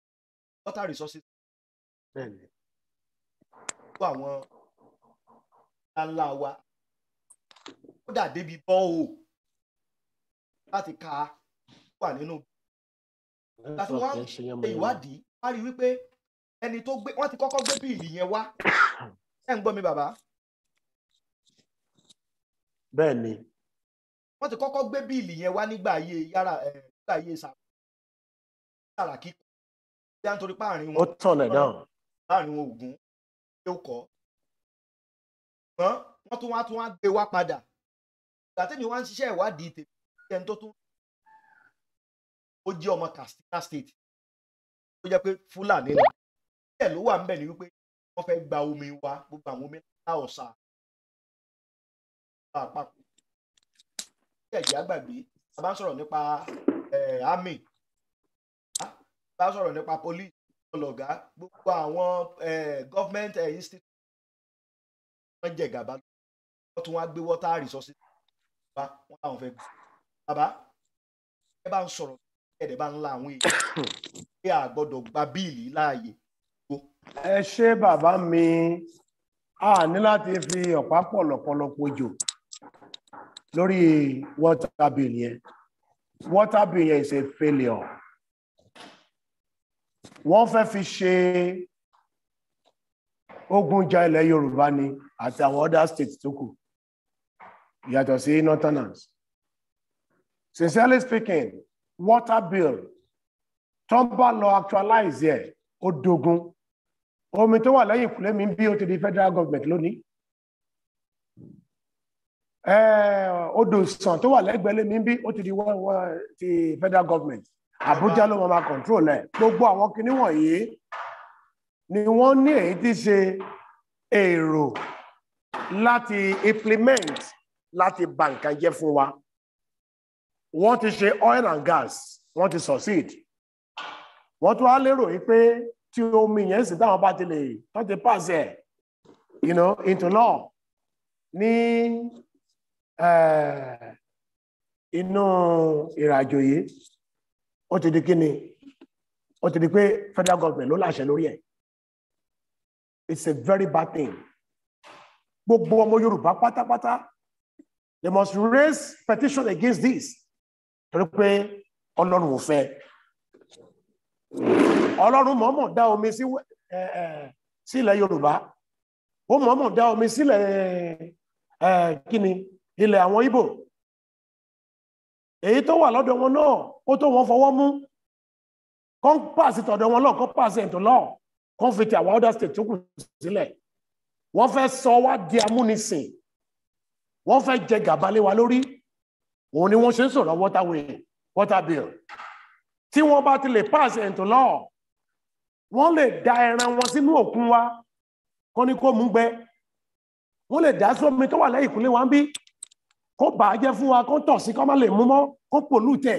water resources fún àwọn ńláńlá wa kódà débi bọ́ọ̀ láti ka wà nínú. láti wọ́n á ṣe ìwádìí wọ́n rí wípé ẹni tó gbé wọ́n ti kọ́kọ́ gbé bíìlì yẹn wá ẹ̀ ń gbọ́ mi bàbá. bẹ́ẹ̀ ni. wọ́n ti kọ́kọ́ gbé bíìlì yẹn wá nígbà ayé yàrá eh, nígbà ayé Sàràkí bí a ń torí páàrin wọn. ó tọ̀nà dáhùn. páàrin wọn Ògún ṣé ó kọ́. wọ́n tún wá tún wá gbé wá padà. ìgbà wá ń ṣiṣẹ́ ìwádìí tèmi ẹni tó tún ó jẹ́ ọmọ Katsina state ó jẹ́ pé Fúlàní ni díẹ̀ ló wà níbẹ̀ ni wípé wọ́n fẹ́ gba omi wa gbogbo àwọn omi ńlá ọ̀sà àpapọ̀ díẹ̀ jẹ́ àgbàgbé a bá ń sọ̀rọ̀ nípa army a bá ń sọ̀rọ̀ nípa police ọlọ́gá gbogbo àwọn government institute wọ́n jẹ gàba wọ́n tún wá gbé water resources bá wọn làwọn fẹ́ gbà bàbá ẹ bá ń sọ̀rọ̀ ẹ̀dẹ̀ bá ń la àwọn èèyàn pé a gbọ́dọ̀ gba bíìlì láàyè. ẹ ṣe bàbá mi a ní láti fi ọ̀pá pọ̀lọ̀pọ̀lọpọ̀ jò lórí water bill yẹn water bill yẹn is a failure wọ́n fẹ́ fi ṣe ogun ja ilẹ̀ yorùbá ni àti àwọn other states tó kù yàtọ̀ sí northerners sincerely speaking water bill tó ń bá lọ actualize ẹ̀ ó dogun omi tó wà lẹ́yìn ìkùlé mi bí ó ti di federal government lónìí odò sàn tó wà lẹ́gbẹ̀ẹ́ lẹ́mí bí ó ti di wọ́n wọ́n ti federal government Abuja ló máa control ẹ̀ gbogbo àwọn kinní wọ̀nyí ni wọ́n ní èyí tí ṣe èrò láti implement láti bà nǹkan jẹ́ fún wa wọ́n ti ṣe oil and gas wọ́n ti succeed wọ́n tún á lérò yìí pé tí omi yẹn sì táwọn bá ti lè tó ti pass ẹ̀ you know into law ní eh, inú ìrìnàjò yìí ó ti di kíni ó ti di pé federal government ló láṣẹ lórí ẹ̀ it's a very bad thing gbogbo ọmọ Yorùbá pátápátá they must raise petition against this torí pé ọlọ́run ò fẹ́ ọlọ́run mọ̀ọ́mọ̀ dá omi sílẹ̀ yorùbá ó mọ̀ọ́mọ̀ dá omi sílẹ̀ kíni ilẹ̀ àwọn ìbò èyí tó wà lọ́dọ̀ wọn náà ó tó wọn fọwọ́ mú kọ́n pàṣẹ tọ̀dọ̀ wọn lọ́ọ̀ kọ́n pàṣẹ ẹ̀tọ́ lọ́ọ̀ kọ́n fi ti àwọn other state tó kù sílẹ̀ wọ́n fẹ́ sọ wá di amúnisìn wọ́n fẹ́ jẹ gàba lé wa lórí òun ni wọ́n ṣe ń sọ̀rọ̀ water way water bill tí wọ́n bá ti lè pass into law wọ́n lè da ẹran wọn sínú òkun wa kọ́ ni kó mú gbẹ wọ́n lè dá sómi tó wà lẹ́yìn ìkúnlẹ̀ wa ń bí kó bà á jẹ́ fún wa kó tọ̀ sí kó má lè mú mọ́ kó pollute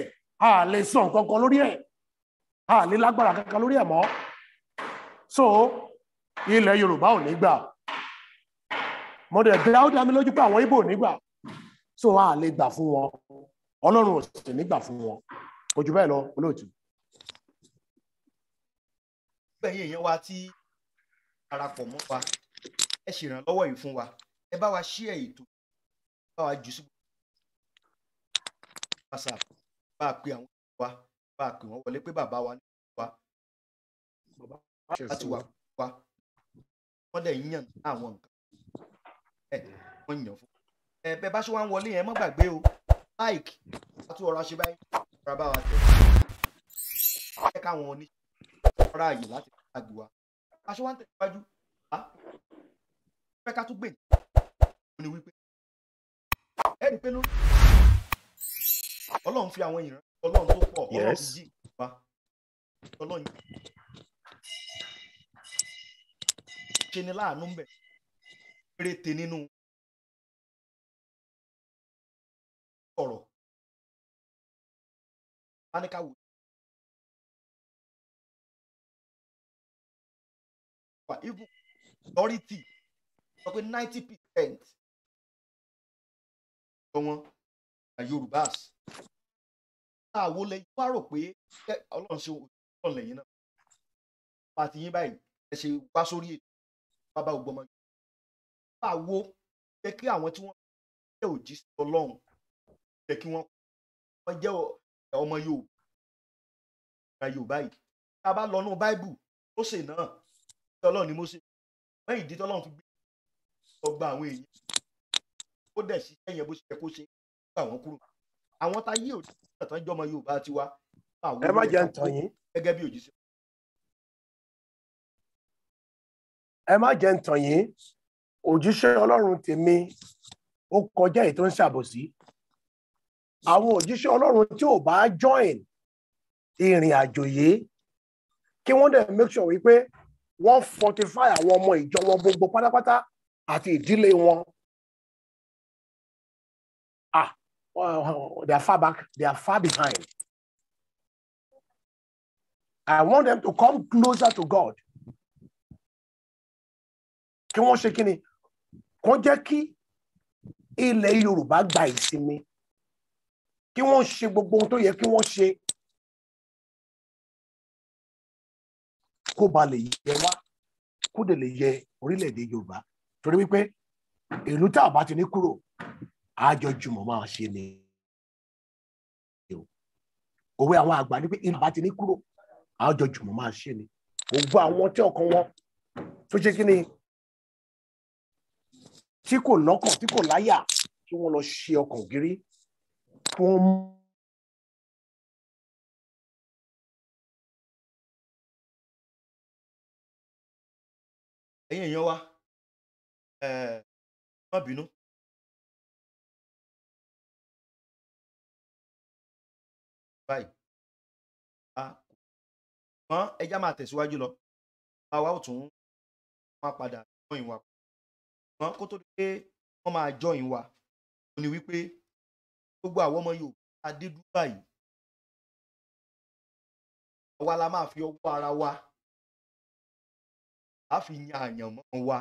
a lè sọ nǹkan kan lórí ẹ̀ a lè lágbára kankan lórí ẹ̀ mọ́ so ilẹ̀ Yorùbá ò ní gbà mo dẹ̀ dáúdà mi lójú pé àwọn Ìgbò ò ní gbà so a lè gbà fún wọn ọlọ́run ò sì nígbà fún wọn kò jù bẹ́ẹ̀ lọ olóòtú. bẹ́ẹ̀ yẹn wa tí darapọ̀ mọ́ wa ẹ ṣèrànlọ́wọ́ yìí fún wa ẹ bá wa ṣí ẹ̀ ètò bá wa jù sí whatsapp bá a pe àwọn wa bá a pè wọ́n wọlé pé bàbá wa ní wa láti wà wa wọ́n lè yàn àwọn nǹkan ẹ̀ wọ́n yàn fún ẹ bẹ́ẹ̀ bá ṣe wá ń wọlé yẹn mọ́ gbàgbé o like àti ọ̀rọ̀ àṣẹ báyìí ọ̀rọ̀ bá wa tẹ̀ ẹ káwọn oníṣẹ́ ọ̀rọ̀ ààyè láti gbàgbé wa aṣọ wa ń tẹ̀síwájú fẹ́ ká tún gbè ní wípé ẹ pé lórí ọlọ́run fi àwọn èèyàn ọlọ́run tó pọ̀ ọlọ́run yí wa ọlọ́run ṣe ni láàánú ń bẹ̀ péréte nínú ọ̀rọ̀ anikawo even authority sọ pé ninety percent sọ wọn na yorùbá àwo lẹ́yìn wá rò pé ọlọ́run ṣe ọlọ́run lẹ́yìn náà pàtì yín báyìí ẹ ṣe wá sórí ètò bàbá ògbọmọ yorùbá àwo jẹ́ kí àwọn tí wọ́n jẹ́ òjíṣẹ́ ọlọ́run yẹ kí wọ́n wọ́n jẹ́ ọmọ Yorùbá Yorùbá yìí tá a bá lọ nú báìbù Mósè náà tọ́lọ́ ni Mósè wọ́n ìdí tọ́lọ́ fi gbé ọgbà àwọn èèyàn ó dẹ̀ ṣiṣẹ́ yẹn bó ṣe kó ṣe gbà wọ́n kúrò àwọn tá yí òjì tán jọmọ Yorùbá tiwa ẹ má jẹ́ ntàn yín gẹ́gẹ́ bí òjì sí. ẹ má jẹ́ ntàn yín òjíṣẹ́ Ọlọ́run tèmi ó kọjá èyí ń ṣàbòsí àwọn òjíṣẹ́ ọlọ́run tí ò bá join ìrìn àjò yìí kí wọ́n dẹ̀ make sure wípé wọ́n fortify àwọn ọmọ ìjọ wọn gbogbo pátápátá àti ìdílé wọn. ah uh, they are far back they are far behind. I want them to come closer to God. Kí wọ́n ṣe kí ni? Kàn jẹ́ kí ilẹ̀ Yorùbá gba ìsinmi kí wọ́n ṣe gbogbo ohun tó yẹ kí wọ́n ṣe kó ba lè yẹ wá kó dẹ̀ lè yẹ orílẹ̀-èdè Yorùbá torí wípé ìlú tá a bá ti ní kúrò àjọ jùmọ̀ máa ṣe ni òwe àwọn àgbà ní pé ìlú bá ti ní kúrò àjọ jùmọ̀ máa ṣe ni ògbó àwọn tí ọkàn wọn tó ṣe kí ni tí kò lọ́kàn tí kò láyà kí wọ́n lọ ṣe ọkàn gírí transform ẹ̀yin èèyàn wa ẹ má bínú. báyìí ẹja máa tẹ̀síwájú lọ àwa ò tún máa padà join wa mọ kó tó dé wọ́n máa join wa ó ní wípé gbogbo àwọn ọmọ Yorùbá adé yìí àwa la máa fi ọwọ́ ara wa a fi yan àyànmọ́ wa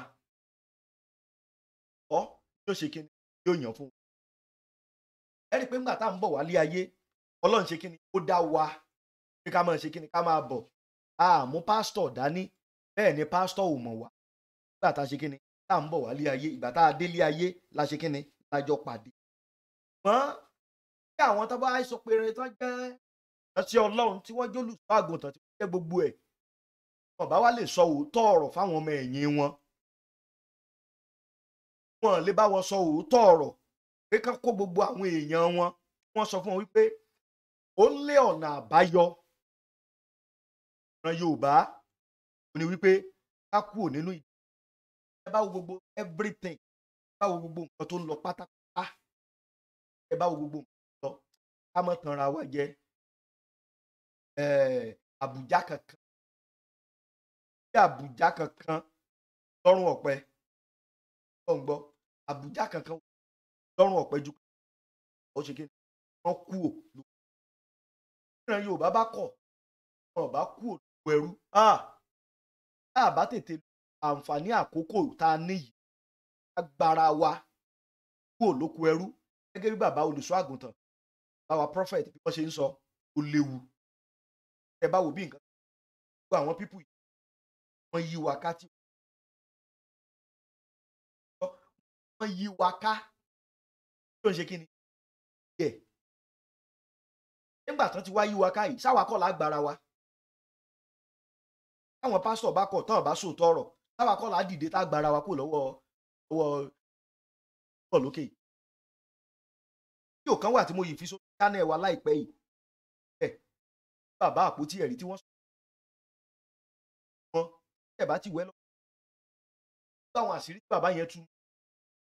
ọ yóò ṣe kí ni yóò yàn fún wa ẹ rí i pé ńgbà tá à ń bọ̀ wálé ayé Ọlọ́run ṣe kí ni ó dá wa pé ká máa ṣe kí ni ká máa bọ̀ a mú pásítọ̀ dání bẹ́ẹ̀ ni pásítọ̀ ò mọ̀ wá nígbà tá a ṣe kí ni tá à ń bọ̀ wálé ayé ìgbà tá a délé ayé la ṣe kí ni la jọ pàdé àwọn tó bá sọ pé rẹ tó tí wọ́n àgùntàn tí gbogbo ẹ wọn bá lè sọ òótọ ọ̀rọ̀ fáwọn ọmọ ẹ̀yìn wọn wọn lè bá wọn sọ òótọ pé ká kó gbogbo àwọn èèyàn wọn wọn sọ fún wọn wípé ó ń lé ọ̀nà àbáyọ ọ̀nà Yorùbá ó wípé ká kúrò nínú ẹ bá wo gbogbo everything ẹ bá wo ká mọ̀ tanra wa jẹ àbùjá kankan bí àbùjá kankan lọ́rùn ọ̀pẹ lọ́n gbọ́ àbùjá kankan lọ́rùn ọ̀pẹ ju ọ ṣe kéde wọ́n kú ò ló ìran Yorùbá bá kọ̀ ọ̀rọ̀ bá kú ò ló ẹrú tá a bá tètè àǹfààní àkókò tá a níyì agbára wa kú ò ló ku ẹrú gẹ́gẹ́ bí bàbá olùṣọ́ àgùntàn Our prophet bí wọ́n ṣe ń sọ ó léwu ẹ bá wò bí nǹkan gbogbo àwọn pípù yìí wọ́n yí wa ká tí wọ́n yí wa ká tí wọ́n ṣe kí ni yẹ nígbà tán ti wá yí wa ká yìí sáwa kọ́ lágbára wa táwọn pásítọ̀ bá kọ̀ táwọn bá sòótọ́ ọ̀rọ̀ táwa kọ́ là á dìde tá gbára wa kó lọ́wọ́ lọ́wọ́ lókè yìí. fídíò kan wà tí mo yìí fi sọ channel wa láìpẹ́ yìí ẹ̀ bàbá àpótí ẹ̀rí tí wọ́n sọ wọn ẹ̀ bá ti wẹ́ lọ́wọ́ báwọn àṣírí bàbá yẹn tú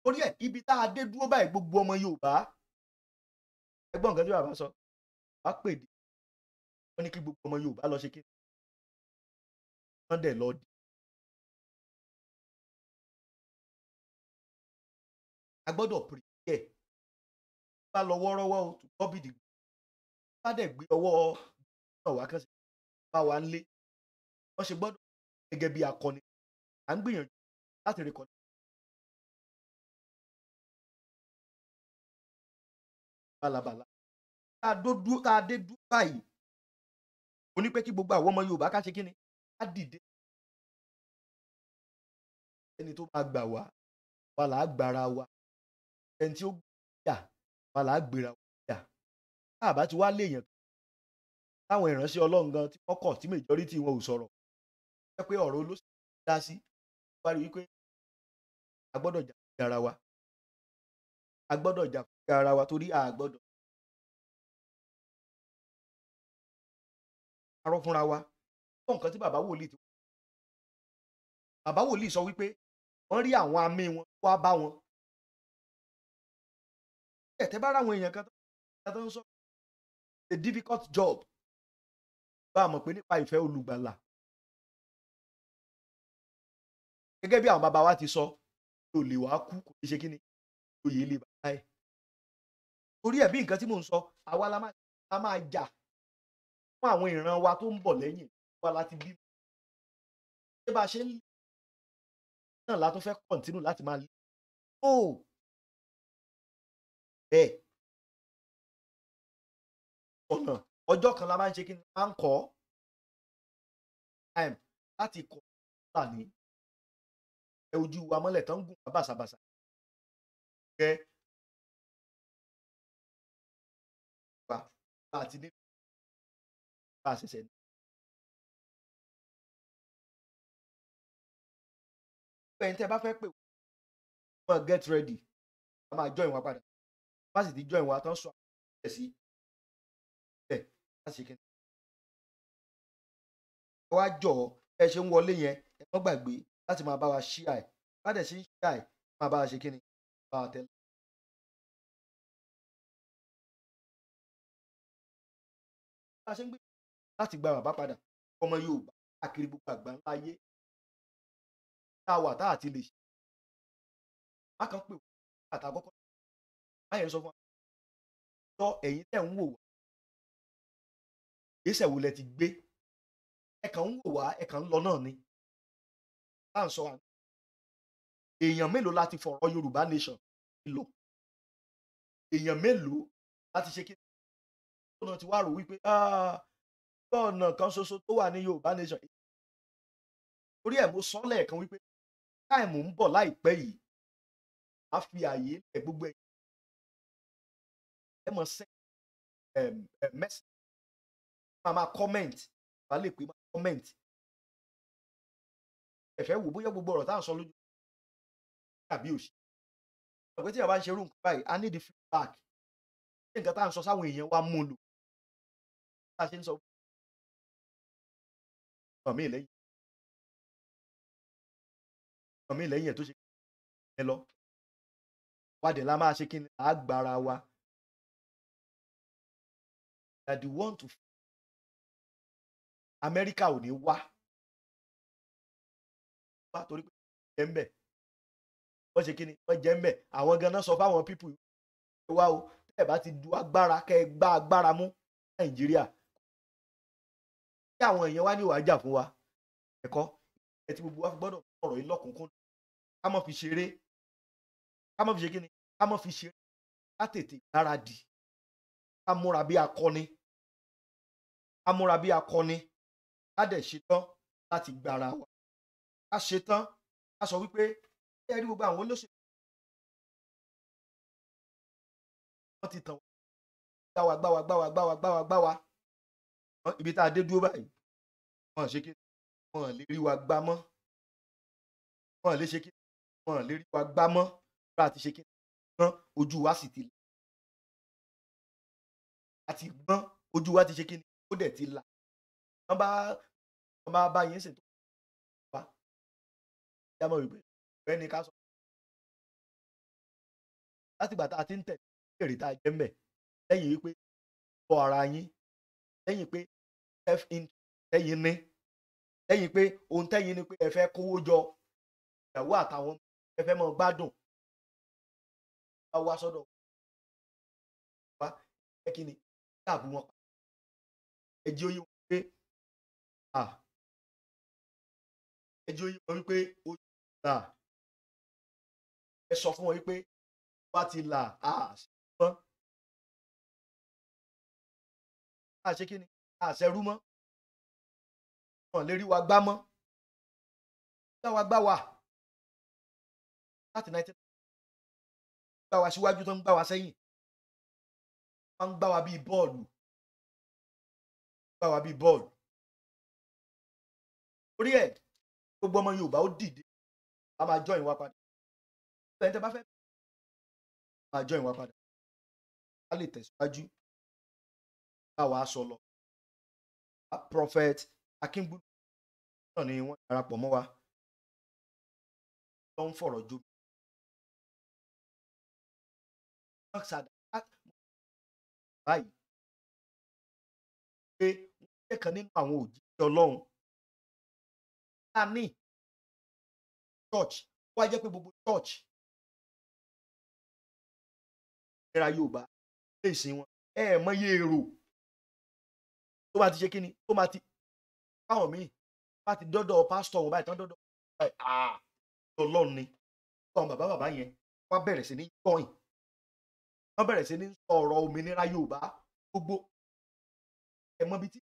orí ẹ̀ ibi tá a dé dúró báyìí gbogbo ọmọ Yorùbá ẹgbọ́n nǹkan tí bàbá sọ bá pèdè wọ́n ní kí gbogbo ọmọ Yorùbá lọ ṣe kí wọ́n dẹ̀ lọ dì a gbọ́dọ̀ pèrè díẹ̀ bá lọ wọ́rọ́wọ́ o tó bọ́ bìdì bá dẹ̀ gbé ọwọ́ náà wá kẹ́sì bá wa ń lé wọ́n ṣe gbọ́dọ̀ gẹ́gẹ́ bí akọni à ń gbìyànjú láti rí kọ́ni. balabala tá a dódú tá a dé dú báyìí mo ní pé kí gbogbo àwọn ọmọ Yorùbá ká ṣe kí ni ká dìde ẹni tó bá gbà wá wà láà wa ẹni tí ó gbà wa là á gbéra wájà tá a bá ti wá léèyàn táwọn ìránṣẹ́ ọlọ́run gan tí wọ́n kọ̀ tí majority wọn ò sọ̀rọ̀ jẹ́ pé ọ̀rọ̀ olóṣèlú dá sí wá wípé a gbọ́dọ̀ jà fún ara wa a gbọ́dọ̀ jà fún ara wa torí a gbọ́dọ̀ parọ́ fúnra wa tó nǹkan tí bàbá wòlíì ti wọ́n bàbá wòlíì sọ wípé wọ́n rí àwọn amí wọn wá bá wọn tẹ́ bá ráwọn èèyàn kan tó ń sọ a difficult job bá a mọ̀ pé nípa ìfẹ́ olùgbàlà gẹ́gẹ́ bí àwọn bàbá wa ti sọ ló lè wá kú kò ní ṣe kí ni oyè lè bàbá ẹ̀ torí ẹ̀ bí nǹkan tí mò ń sọ àwa la máa jà fún àwọn ìran wa tó ń bọ̀ lẹ́yìn wa láti bí ṣé bá a ṣe ń lè náà la fẹ́ kọ̀ǹtínú láti máa lè bẹ́ẹ̀ ọ̀nà ọjọ́ kan la máa ń ṣe kí ni máa ń kọ́ time láti kọ́ ọ̀la ní ẹ ojú wa mọ́lẹ̀ tán gùn wá bàṣàbàṣà kẹ́ wa bá a ti ní bá a ṣẹ̀ṣẹ̀ ní. ẹ̀yin tẹ́ bá fẹ́ pè wọ́n get ready a máa join wa padà fásitì jọ ìwà tán sọ àwọn sí ẹ̀ láti ṣe kẹ́kẹ́. ẹ wá jọ ẹ ṣe ń wọlé yẹn ẹ má gbàgbé láti máa bá wa ṣí àì bá ṣe ń ṣí àì máa bá wa ṣe kíni bá wa tẹ̀lé. bá a ṣe ń gbé láti gba bàbá padà ọmọ Yorùbá káàkiri gbogbo àgbà ńlá ayé tá a wà tá a ti lè ṣe. bákan pè wọ́n àtàkọ́kọ́ báyẹn sọ fún wa sọ ẹ̀yin tẹ̀ ń wò wá ìgbésẹ̀ wo lẹ ti gbé ẹ kàn ń wò wá ẹ kàn ń lọ náà ni bá ń sọ àná èèyàn mélòó láti fọ̀rọ̀ Yorùbá nation lò èèyàn mélòó láti ṣe kí ọ̀nà ti wá rò wípé ah, ọ̀nà kan ṣoṣo tó wà ní Yorùbá nation torí ẹ̀ mo sọ lẹ́ẹ̀kan wípé táìmù ń bọ̀ láìpẹ́ yìí a fi àyè lẹ̀ gbogbo ẹ̀ ẹ mọ̀ sẹ́ mẹ́sì máa máa comment bá lè pè máa comment ẹ̀fẹ́ wò bóyá gbogbo ọ̀rọ̀ tá à ń sọ lójú tàbí òṣì ọ̀pẹ tí yàrá ń ṣerú nǹkan báyìí i need feedback ṣé nǹkan tá à ń sọ sáwọn èèyàn wa mú un lò tá a ṣe ń sọ ọ̀mí lẹ́yìn ọ̀mí lẹ́yìn ẹ̀ tó ṣe ẹ lọ wádìí la máa ṣe kí ni àgbára wa that they want to America ò ní wá wá torí pé jẹ́ ń bẹ̀ wọ́n ṣe kí ni wọ́n jẹ́ ń bẹ̀ àwọn ganan sọ fáwọn pípù yìí wá o tẹ́ ẹ̀ bá ti du agbára kẹ́ ẹ gbá agbára mú Nàìjíríà kí àwọn èèyàn wá ní ìwà jà fún wa ẹ̀kọ́ ẹ̀ tí gbogbo wa gbọ́dọ̀ sọ̀rọ̀ yìí lọ́kùnkún ká má fi ṣeré ká má fi ṣe kí ni ká má fi ṣeré ká tètè gbáradì amúra bí akọni amúra bí akọni ká dẹ̀ ṣetán láti gbára wa ká ṣetán ká sọ wípé ẹ rí gbogbo àwọn olóṣèlú wọn ti tàn wá gbáwa gbáwa gbáwa gbáwa gbáwa gbáwa ibi tá a dé dúró báyìí wọn ṣe kí wọn lè rí wa gbá mọ́ wọn lè ṣe kí wọn lè rí wa gbá mọ́ bá ṣe kí wọn ojú wa sì ti lè a ti gbọ́n ojú wa ti ṣe kí ni ó dẹ̀ ti là wọ́n bá wọ́n bá bá yín ṣètò wa jámọ̀ ìgbẹ́ ìgbẹ́ ni ká sọ. láti gbà tá a ti ń tẹ̀ èrè tá a jẹ́ mbẹ̀ lẹ́yìn wípé bọ́ ara yín lẹ́yìn pé self interest tẹ́yìn ní lẹ́yìn pé ohun tẹ́yìn ni pé ẹ fẹ́ kówó jọ ìyàwó àtàwọn ẹ fẹ́ mọ gbádùn wá sọ́dọ̀ wa ẹ kí ni àbú wọn ẹ jẹ́ oyé wọn pé ẹ jẹ́ oyé wọn wípé ojú là ẹ sọ fún wọn wípé bá ti là á ṣe mọ́ á ṣe kí ni á ṣẹrú mọ́ wọn lè rí wa gbá mọ́ gbá wa gbá wa láti 19 gbá wa síwájú tó ń gbá wa sẹ́yìn máa ń gbá wa bíi bọ́ọ̀lù gbá wa bíi bọ́ọ̀lù orí ẹ̀ gbogbo ọmọ Yorùbá ó dìde a máa join wa padà ẹ̀ tẹ́ bá fẹ́ máa join wa padà a lè tẹ̀síwájú báwa sọ lọ prophet akíngbùdù náà ni wọ́n darapọ̀ mọ́ wa ló fọ̀rọ̀ jó báyìí pé wọ́n jẹ́ kan nínú àwọn òjíṣẹ́ ọlọ́run tá a ní church wá jẹ́ pé gbogbo church ẹ̀ra yorùbá lè sìn wọn ẹ̀ mọyé èrò tó bá ti ṣe kíni tó bá ti báwọn míì bá ti dọ́dọ̀ pásítọ̀ wọn báyìí tán dọ́dọ̀ ọlọ́run ni wọn bàbá bàbá yẹn wá bẹ̀rẹ̀ sí ní yọ̀yìn wọ́n bẹ̀rẹ̀ sí ní sọ ọ̀rọ̀ òmìnira Yorùbá gbogbo ẹ̀ mọ́ bí tí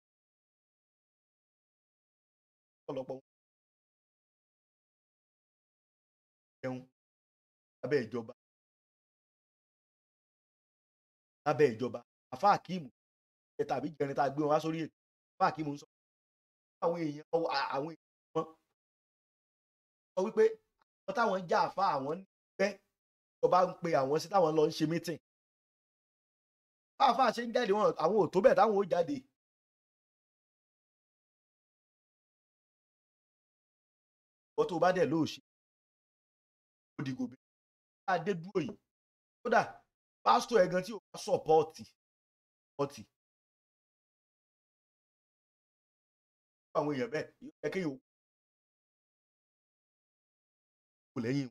ọ̀pọ̀lọpọ̀ jẹun lábẹ́ ìjọba lábẹ́ ìjọba àfa àkíìmù ẹ tàbí jẹrin tá a gbé wọn wá sórí ètò àfa àkíìmù ń sọ àwọn èèyàn àwọn èèyàn wọn sọ wípé àwọn táwọn ń já àfa àwọn níbẹ̀ ìjọba ń pe àwọn sí táwọn lọ ń ṣe mítìn fáfá ṣe ń jáde wọn àwọn ò tó táwọn ò jáde. wọ́n tó bá dẹ̀ lóò ṣe ó di gòbè dúró yìí kódà pásítọ̀ ẹ̀ tí ò bá sọ̀pọ́ọ̀tì ọ̀tì. àwọn èèyàn bẹ́ẹ̀ ẹ kéèyàn wò lẹ́yìn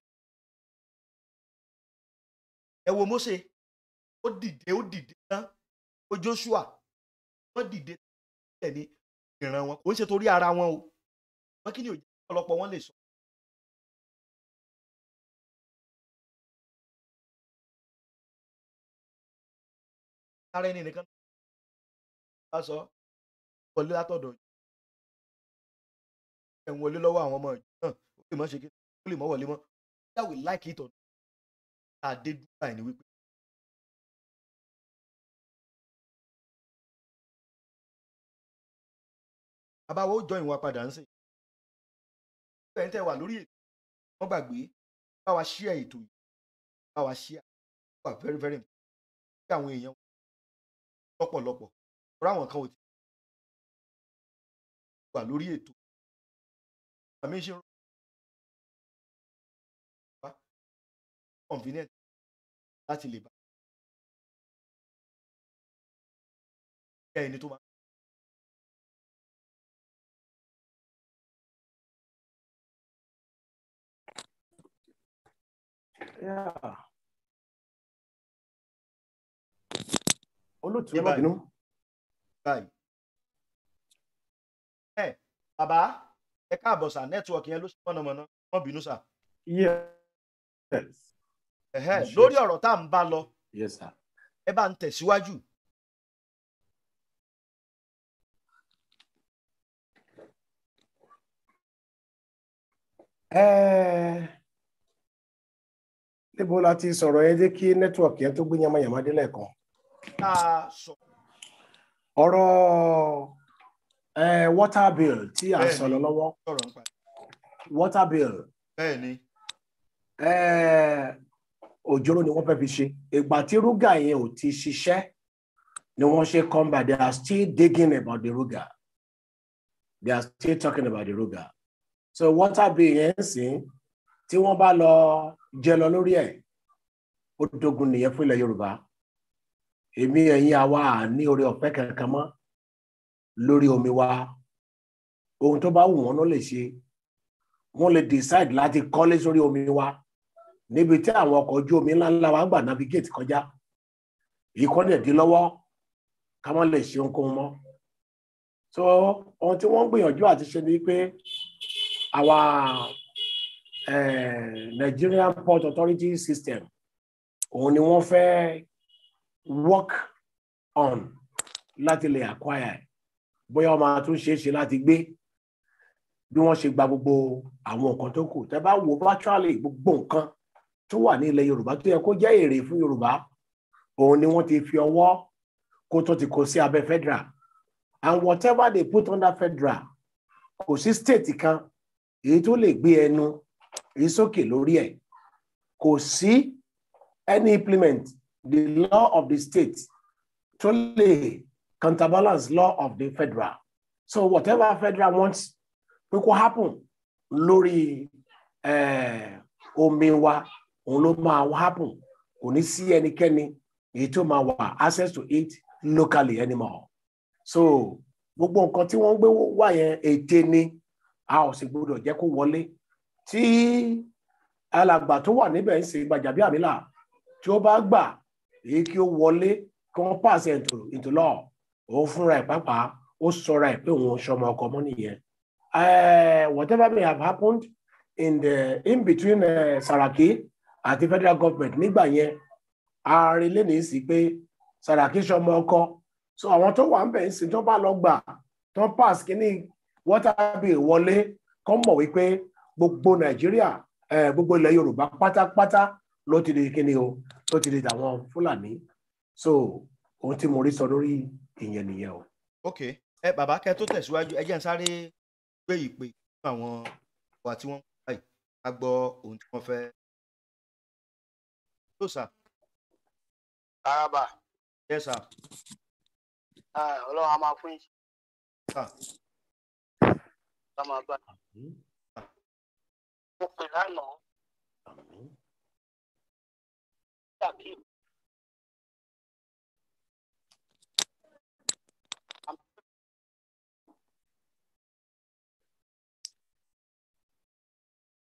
ẹ wo Mósè ó dìde ó dìde tán ó Joshua wọ́n dìde tẹ̀ ní ìran wọn kò ń ṣe torí ara wọn o wọ́n kí ni òjò ọ̀pọ̀lọpọ̀ wọn lè sọ. ara ẹni nìkan bá sọ wọlé látọ̀dọ̀ ẹ̀ ń wọlé lọ́wọ́ àwọn ọmọ ìjọ náà ó lè mọ̀ ṣe kí ó lè mọ̀ wọlé mọ́ yàwé láìkí ìtọ̀dọ̀ tá a wípé àbáwọ̀ ó join wa padà ń sìn. ìgbà yẹn tẹ́ wà lórí ètò wọ́n gbàgbé bá wa share ètò yìí bá wa share wà very very important kí àwọn èèyàn lọ́pọ̀lọpọ̀ ọ̀rọ̀ àwọn kan ò ti wà lórí ètò àmì ṣe ń wá convenient láti lè bá ẹni tó máa. Yeah. olóòtú ẹ má bínú. ẹ bàbá ẹ káàbọ̀ sà nẹ́tíwọ̀kì yẹn ló ṣe mọ̀nàmọ́ná má bínú sa lórí ọ̀rọ̀ tá à ń bá lọ ẹ bá ń tẹ̀síwájú. Eh níbo la ti sọ̀rọ̀ ẹ jẹ́ kí nẹ́tíwọ̀kì yẹn tó gbé yamayama dé lẹ́ẹ̀kan. ọ̀rọ̀ water bill tí a sọ̀rọ̀ lọ́wọ́ water bill òjòrò ni wọ́n fẹ́ fi ṣe ìgbà tí rúgà yẹn ò ti ṣiṣẹ́ ni wọ́n ṣe come back they are still digging about the rúgà they are still talking about the rúgà so water bill yẹn sìn tí wọ́n bá lọ jẹ lọ lórí ẹ̀ ó dogun nìyẹn fún ilẹ̀ yorùbá èmi ẹ̀yin àwa ní orí ọ̀fẹ́ kankan mọ́ lórí omi wa ohun tó bá wù wọ́n ló lè ṣe wọ́n lè decide láti kọ́lé sórí omi wa níbi tí àwọn ọkọ̀ ojú omi ńláńlá wa gbà navigate kọjá ìkọ́ni ẹ̀dín lọ́wọ́ ká má lè ṣe ohunkóhun mọ́ so ohun tí wọ́n ń gbìyànjú àti ṣe ni pé àwa Eh, Nigerian Port Authority System òun ni wọ́n fẹ́ work on láti lè acquire bóyá wọ́n máa tún ṣeé ṣe láti gbé bí wọ́n ṣe gba gbogbo àwọn nǹkan tó kù tẹ́ bá wo virtually gbogbo nǹkan tó wà ní ilẹ̀ Yorùbá tó yẹ kó jẹ́ èrè fún Yorùbá òun ni wọ́n ti fi ọwọ́ kó tó ti kó sí abẹ́ federal and whatever they put under federal kò sí state kan èyí tó lè gbé ẹnu yìí sókè lórí ẹ̀ kò sí any implement the law of the state tó lè counterbalance law of the federal so whatever federal wants pé kó happen lórí eh, omi wa òun ló máa happen kò ní sí ẹnikẹ́ni èyí tó máa wà access to it locally anymore so gbogbo nǹkan tí wọ́n ń gbé wá yẹn ète ni a ò sì gbọdọ̀ jẹ́ kó wọlé tí alàgbà tó wà níbẹ̀ ń ṣe Gbàjàbíàmílà tí ó bá gbà èyí kí ó wọlé kí wọ́n pàṣẹ into law òun fúnra ẹ̀ pàápàá ó sọra ẹ̀ pé òun ṣọmọ ọkọ mọ́ nìyẹn. Eh, whatever may have happened in the in between uh, Saraki àti federal government nígbà yẹn ààrin lè ní í sí pé Saraki ṣọmọ ọkọ so àwọn tó wà ń bẹ̀ ń sìn tó bá lọ gbà tó pass kínní water bill wọlé kọ́ mọ̀ wípé gbogbo nàìjíríà gbogbo ilẹ̀ yorùbá pátápátá ló ti di kíni o ló ti di tàwọn fúlàní so ohun tí mo rí sọ lórí ìyẹn nìyẹn o. ok ẹ bàbá kẹ tó tẹ̀síwájú ẹ jẹ́ ń sáré gbé ìpè fún àwọn ọ̀wà tí wọ́n ń báyìí a gbọ́ ohun tí wọ́n fẹ́. tó sà. araba. yẹ sà. Ah, ọlọ́run a máa fún yín. sà. Ah. sà máa gbà mo pè lánàá. Tàbí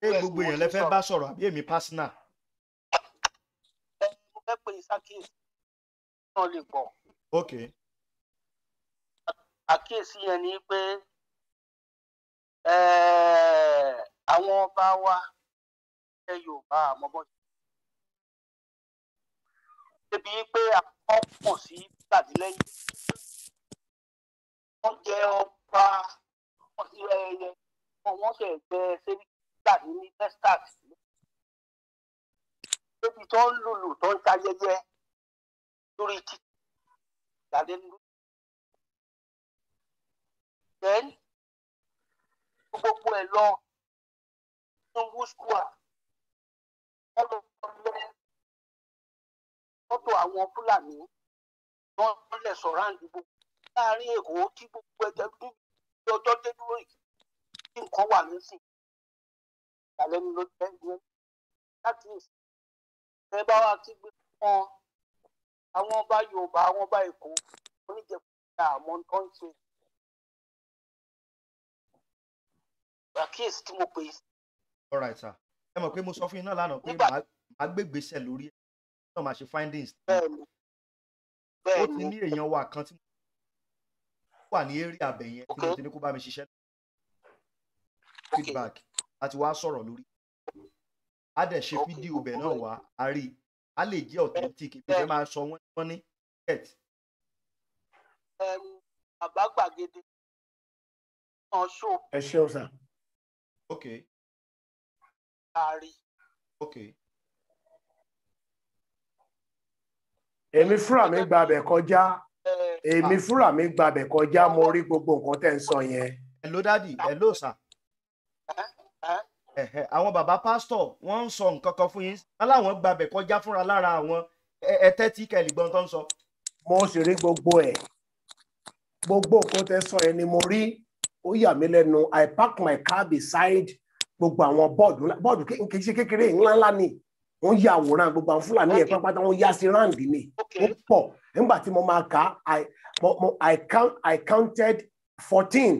ṣé gbogbo èèyàn lẹ fẹ́ bá sọ̀rọ̀ àbí èmi pásínà. mo fẹ́ pe ìsàkíyèsí náà lè gbọ́. ok. àkíyèsí yẹn ni pé àwọn ọba wa ẹ yorùbá àmọ́bọ́ débi pé àwọn pọ̀ sí tàbí lẹ́yìn wọ́n jẹ ọba wọ́n ti rẹ ẹyẹ wọ́n ṣe gbẹ sẹ́ni tàbí ní testat débi tó ń lùlù tó ń ta yẹyẹ lórí títí ìgbàdé ń lù. gbogbo ẹ̀ lọ sanwó square wọ́n lọ lẹ́ mọ́tò àwọn fúlàní wọ́n lẹ̀ sọ̀ráǹdì gbogbo láàrin èkó tí gbogbo ẹ̀jẹ̀ dúró ọjọ́ dé dúró yìí tí nǹkan wà lẹ́sìn ìyàlẹ́nu ló jẹ́ ìyẹn láti ìsìn ẹ bá wa ti gbé wọn àwọn ọba Yorùbá àwọn ọba Èkó oníjẹkùnrin àmọ́ tó ń ṣe àkíyèsí tí mo pè é sí all right sir ẹ mọ̀ pé mo sọ fún yín náà lánàá pé màá gbégbèsè lórí ẹ̀ náà màá ṣe findings. ó ti ní èèyàn wa kan tí mo wà ní eré abẹ yẹn tí mo ti ní kó bá mi ṣiṣẹ́ feedback àti wàá sọ̀rọ̀ lórí a dẹ̀ ṣe fídíò bẹ̀ náà wá a rí a lè jẹ́ authentic ibi tẹ́ máa sọ wọ́n ní get. bàbá gbàgede náà ṣó. ẹ ṣe ọ̀sán. okay rí. èmi fúnra mi gba abẹ kọjá èmi fúnra mi gba abẹ kọjá mo rí gbogbo nǹkan tẹ́ ń sọ yẹn. hello daddy hello sir àwọn bàbá pásítọ̀ wọ́n ń sọ nǹkan kan fún yín aláwọn gbàbẹ̀ kọjá fúnra lára àwọn ẹ̀tẹ́ tí kẹ̀lìgbọ́n tó ń sọ. mo sì rí gbogbo ẹ̀ gbogbo nǹkan tẹ́ sọ ẹ ni mo rí ó yà mí lẹ́nu I park my car beside gbogbo àwọn bọ́ọ̀dù bọ́ọ̀dù kéṣe kékeré ńláńlá ni wọ́n ya àwòrán gbogbo àwọn fúlàní ẹ̀ pápátá wọ́n yá sí ráǹdì ni ó pọ̀ nígbà tí mo máa kà á I count I counted fourteen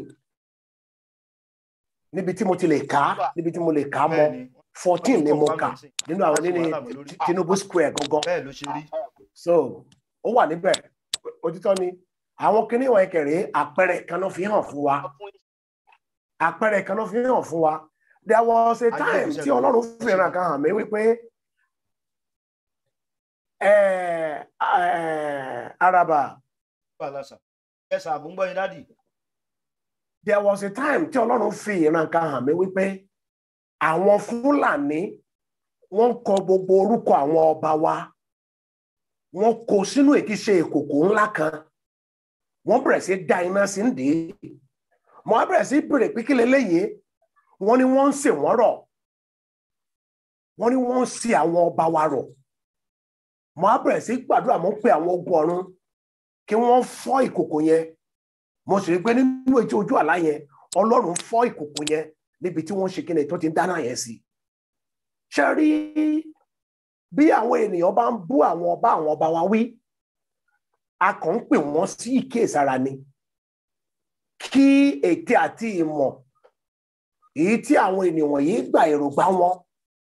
níbi tí mo ti lè kà á níbi tí mo lè kà á mọ fourteen ni mo kà nínú àwọn nínú Tinubu square gangan so ó wà níbẹ̀ òtítọ́ ni àwọn kinní wọn kẹrẹ àpẹẹrẹ kan náà fi hàn fún wa àpẹẹrẹ kan náà fi hàn fún wa there was a time tí ọlọ́run fìràn kan hàn mí wípé eh, eh, araba. Àràbà. there was a time tí ọlọ́run fi ìran kan hàn mí wípé àwọn fúlàní wọ́n kọ gbogbo orúkọ àwọn ọba wa wọn kó sínú se ìkòkò ńlá kan wọ́n bẹ̀rẹ̀ sí da iná sí ń dè é mo sí bèrè wọ́n ní wọ́n ń sè wọ́n rọ̀ wọ́n ní wọ́n ń sè àwọn ọba wa rọ̀ mo á bẹ̀rẹ̀ sí gbàdúrà mo pe àwọn ogun ọ̀run kí wọ́n fọ́ ìkòkò yẹn mo sì rí pé nínú ètò ojú àlá yẹn ọlọ́run fọ́ ìkòkò yẹn níbi tí wọ́n ṣe kí ni tó ti ń dáná yẹn sí ṣe rí bí àwọn ènìyàn bá ń bú àwọn ọba àwọn ọba wa wí a kàn ń pè wọ́n sí ìkéèsára ni kí ète àti ìmọ̀ èyí tí àwọn ènìyàn yìí gba èròǹgbà wọn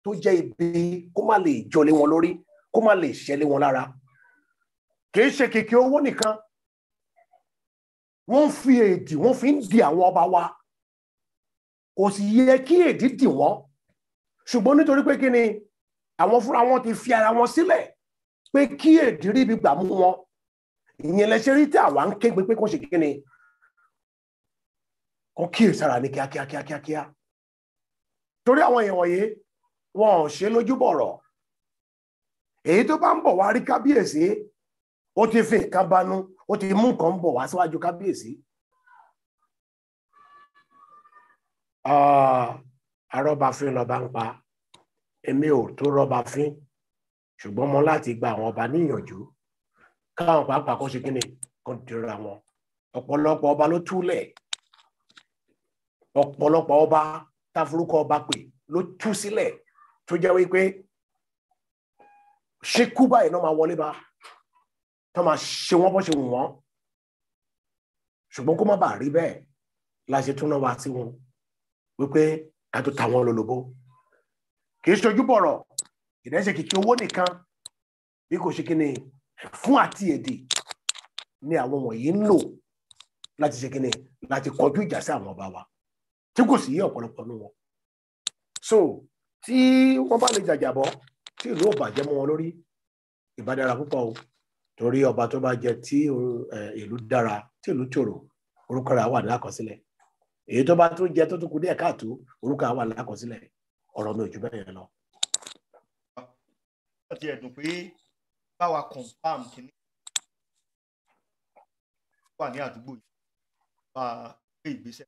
tó jẹ́ ibi kó má lè jọlé wọn lórí kó má lè ṣẹlẹ̀ wọn lára kìí ṣe kìkì owó nìkan wọ́n fi èdì wọ́n fi ń di àwọn ọba wa kò sì yẹ kí èdì dì wọ́n ṣùgbọ́n nítorí pé kí ni àwọn fúnra wọn ti fi ara wọn sílẹ̀ pé kí èdì rí ibi gbà mú wọn ìyẹn lẹsẹ rí tí àwa ń ké pé kò ṣe kí ni kò kíyèsára ní kia kia kíá torí àwọn èèyàn wọ̀nyí wọn ò ṣe lójúbọ̀rọ̀ èyí tó bá ń bọ̀ wá rí kábíyèsí ó ti fi nǹkan banú ó ti mú nǹkan bọ̀ wá síwájú kábíyèsí. arọ́bàfin lọ́ba ń pa èmi ò tó rọ́bà fín ṣùgbọ́n mo láti gba àwọn ọba níyànjú káwọn pàápàá kó ṣe kí ni kó dira wọn ọ̀pọ̀lọpọ̀ ọba ló túlẹ̀ ọ̀pọ̀lọpọ̀ ọba tá a forúkọ ọba pè ló tú sílẹ̀ tó jẹ́ wípé ṣé kú báyìí náà máa wọlé bá tó máa ṣe wọ́n bó ṣe wù wọ́n ṣùgbọ́n kó má bàa rí bẹ́ẹ̀ la ṣe tún náà wá sí wọn wípé ká tó ta wọn lólobó kì í ṣojú bọ̀rọ̀ ìdẹ́sẹ̀ kìkì owó nìkan bí kò ṣe kí ni fún àti èdè ni àwọn wọ̀nyí ń lò láti ṣe kí ni láti kọjú ìjà sí àwọn ọba wa tí kò sí ọ̀pọ̀lọpọ̀ nínú wọn so tí wọ́n bá lè jàjàbọ́ tí ìlú ò bàjẹ́ mọ́ wọn lórí ìbádára púpọ̀ o torí ọba tó bá jẹ tí ìlú dára tí ìlú tòrò orúkọ rẹ̀ wà lákọsílẹ̀ èyí tó bá tún jẹ tó tún kù díẹ̀ káàtó orúkọ rẹ̀ wà lákọsílẹ̀ ọ̀rọ̀ mi ò jù bẹ́ẹ̀ lọ. wà ní àdúgbò yìí bá a ìgbésẹ̀.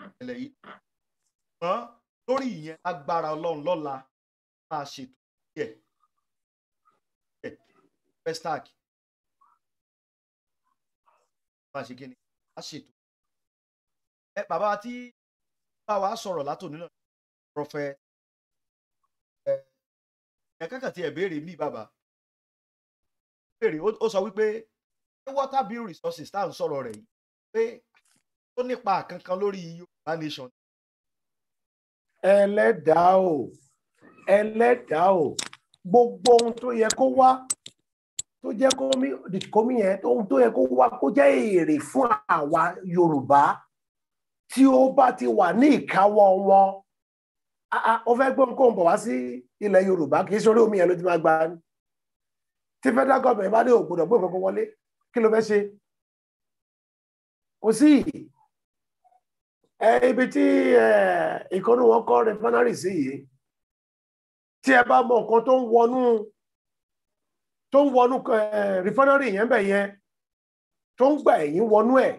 ìṣẹ̀lẹ̀ yìí ṣùgbọ́n lórí ìyẹn agbára ọlọ́run lọ́la tá a ṣètò díẹ̀ díẹ̀ pestac bá a ṣe kí ni a ṣètò ẹ bàbá tí bá wa sọ̀rọ̀ látòní náà prọfẹ ẹ ẹ kankan tí ẹ béèrè mí bàbá béèrè ó sọ wípé water bill resources tá à ń sọ̀rọ̀ rẹ̀ yìí pé tó nípa kankan lórí yorùbá nation. ẹlẹ́dàá o ẹlẹ́dàá o gbogbo ohun tó yẹ kó wá tó jẹ́ kómi yẹn ohun tó yẹ kó wá kó jẹ́ èrè fún àwa yorùbá tí ó bá ti wà ní ìkáwọ́ wọn ó fẹ́ gbóhùn kó ń bọ̀ wá sí ilẹ̀ yorùbá kì í sọ orí omi yẹn ló ti máa gba ni tí federal government bá dé ògbódò gbóhùn kankan wọlé kí ló fẹ́ ṣe kò sí ibi tí ìkọ́nù wọn kọ́ refinery sí yìí tí ẹ bá mọ nǹkan tó ń wọnú tó ń wọnú refinery yẹn bẹ̀ yẹn tó ń gbà ẹ̀yìn wọnú ẹ̀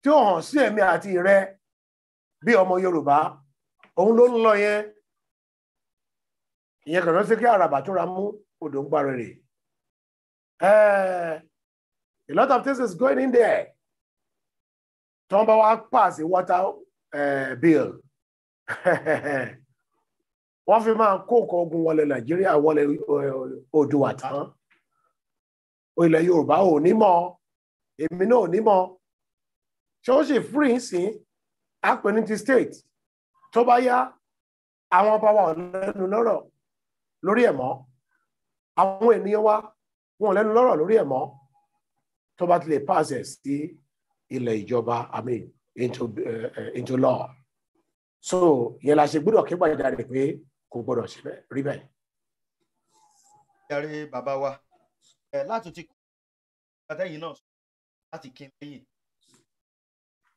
tí ó hàn sí ẹ̀mí àti rẹ bí ọmọ Yorùbá òun ló ń lọ yẹn ìyẹn kàn sí kí àràbà tó ra mú odò ń gbà rè a lot of things is going in there. tí wọ́n bá wá pàṣẹ water eh, bill wọ́n fi máa kó nǹkan ogun wọlé nàìjíríà wọlé eh, oòdùà tán ilẹ̀ yorùbá ò ní mọ̀ èmi náà ò ní mọ̀ ṣé ó sì free sí apẹni ti state tó bá yá àwọn ọba wa ò lẹ́nu lọ́rọ̀ lórí ẹ̀ mọ́ àwọn ènìyàn wa wọn ò lẹ́nu lọ́rọ̀ lórí ẹ̀ tó bá ti lè pàṣẹ sí ilẹ̀ ìjọba I mean into uh, into law so yẹn la ṣe gbọ́dọ̀ kí gbàjà rẹ̀ pé kò gbọ́dọ̀ rí bẹ́ẹ̀. yàrá bàbá wa eh, láti ti kú àtẹ̀yìn náà láti kí n lẹ́yìn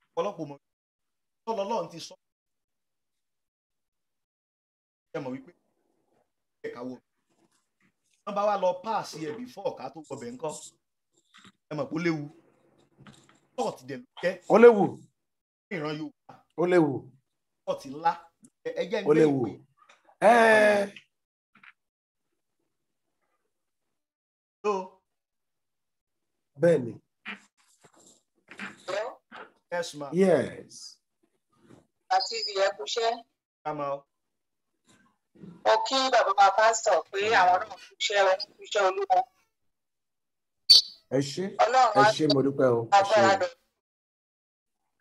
ọ̀pọ̀lọpọ̀ mọ̀ tọ́lọ́ lọ́run ti sọ ẹ mọ̀ wípé ẹ káwọ́ wọ́n bá wá lọ páàsì ẹ̀ bífọ̀ ká tó gbọbẹ̀ ńkọ́ ẹ mọ̀ pé ó léwu port dẹ̀ ló jẹ́. ó léwu. ìran yorùbá. ó léwu. port ńlá ẹjẹ́ ń gbé ìwé. ó léwu. ẹ̀ẹ́. Bẹ́ẹ̀ni. Yes, ma. Yes. Àti ibi ẹ̀kúṣẹ́. Àmọ́. Mo kí bàbá pásítọ̀ pé àwọn náà kúṣẹ́ wọn kúṣẹ́ olúwa ẹ ṣé ẹ ṣé mo dúpẹ́ o ẹ ṣé o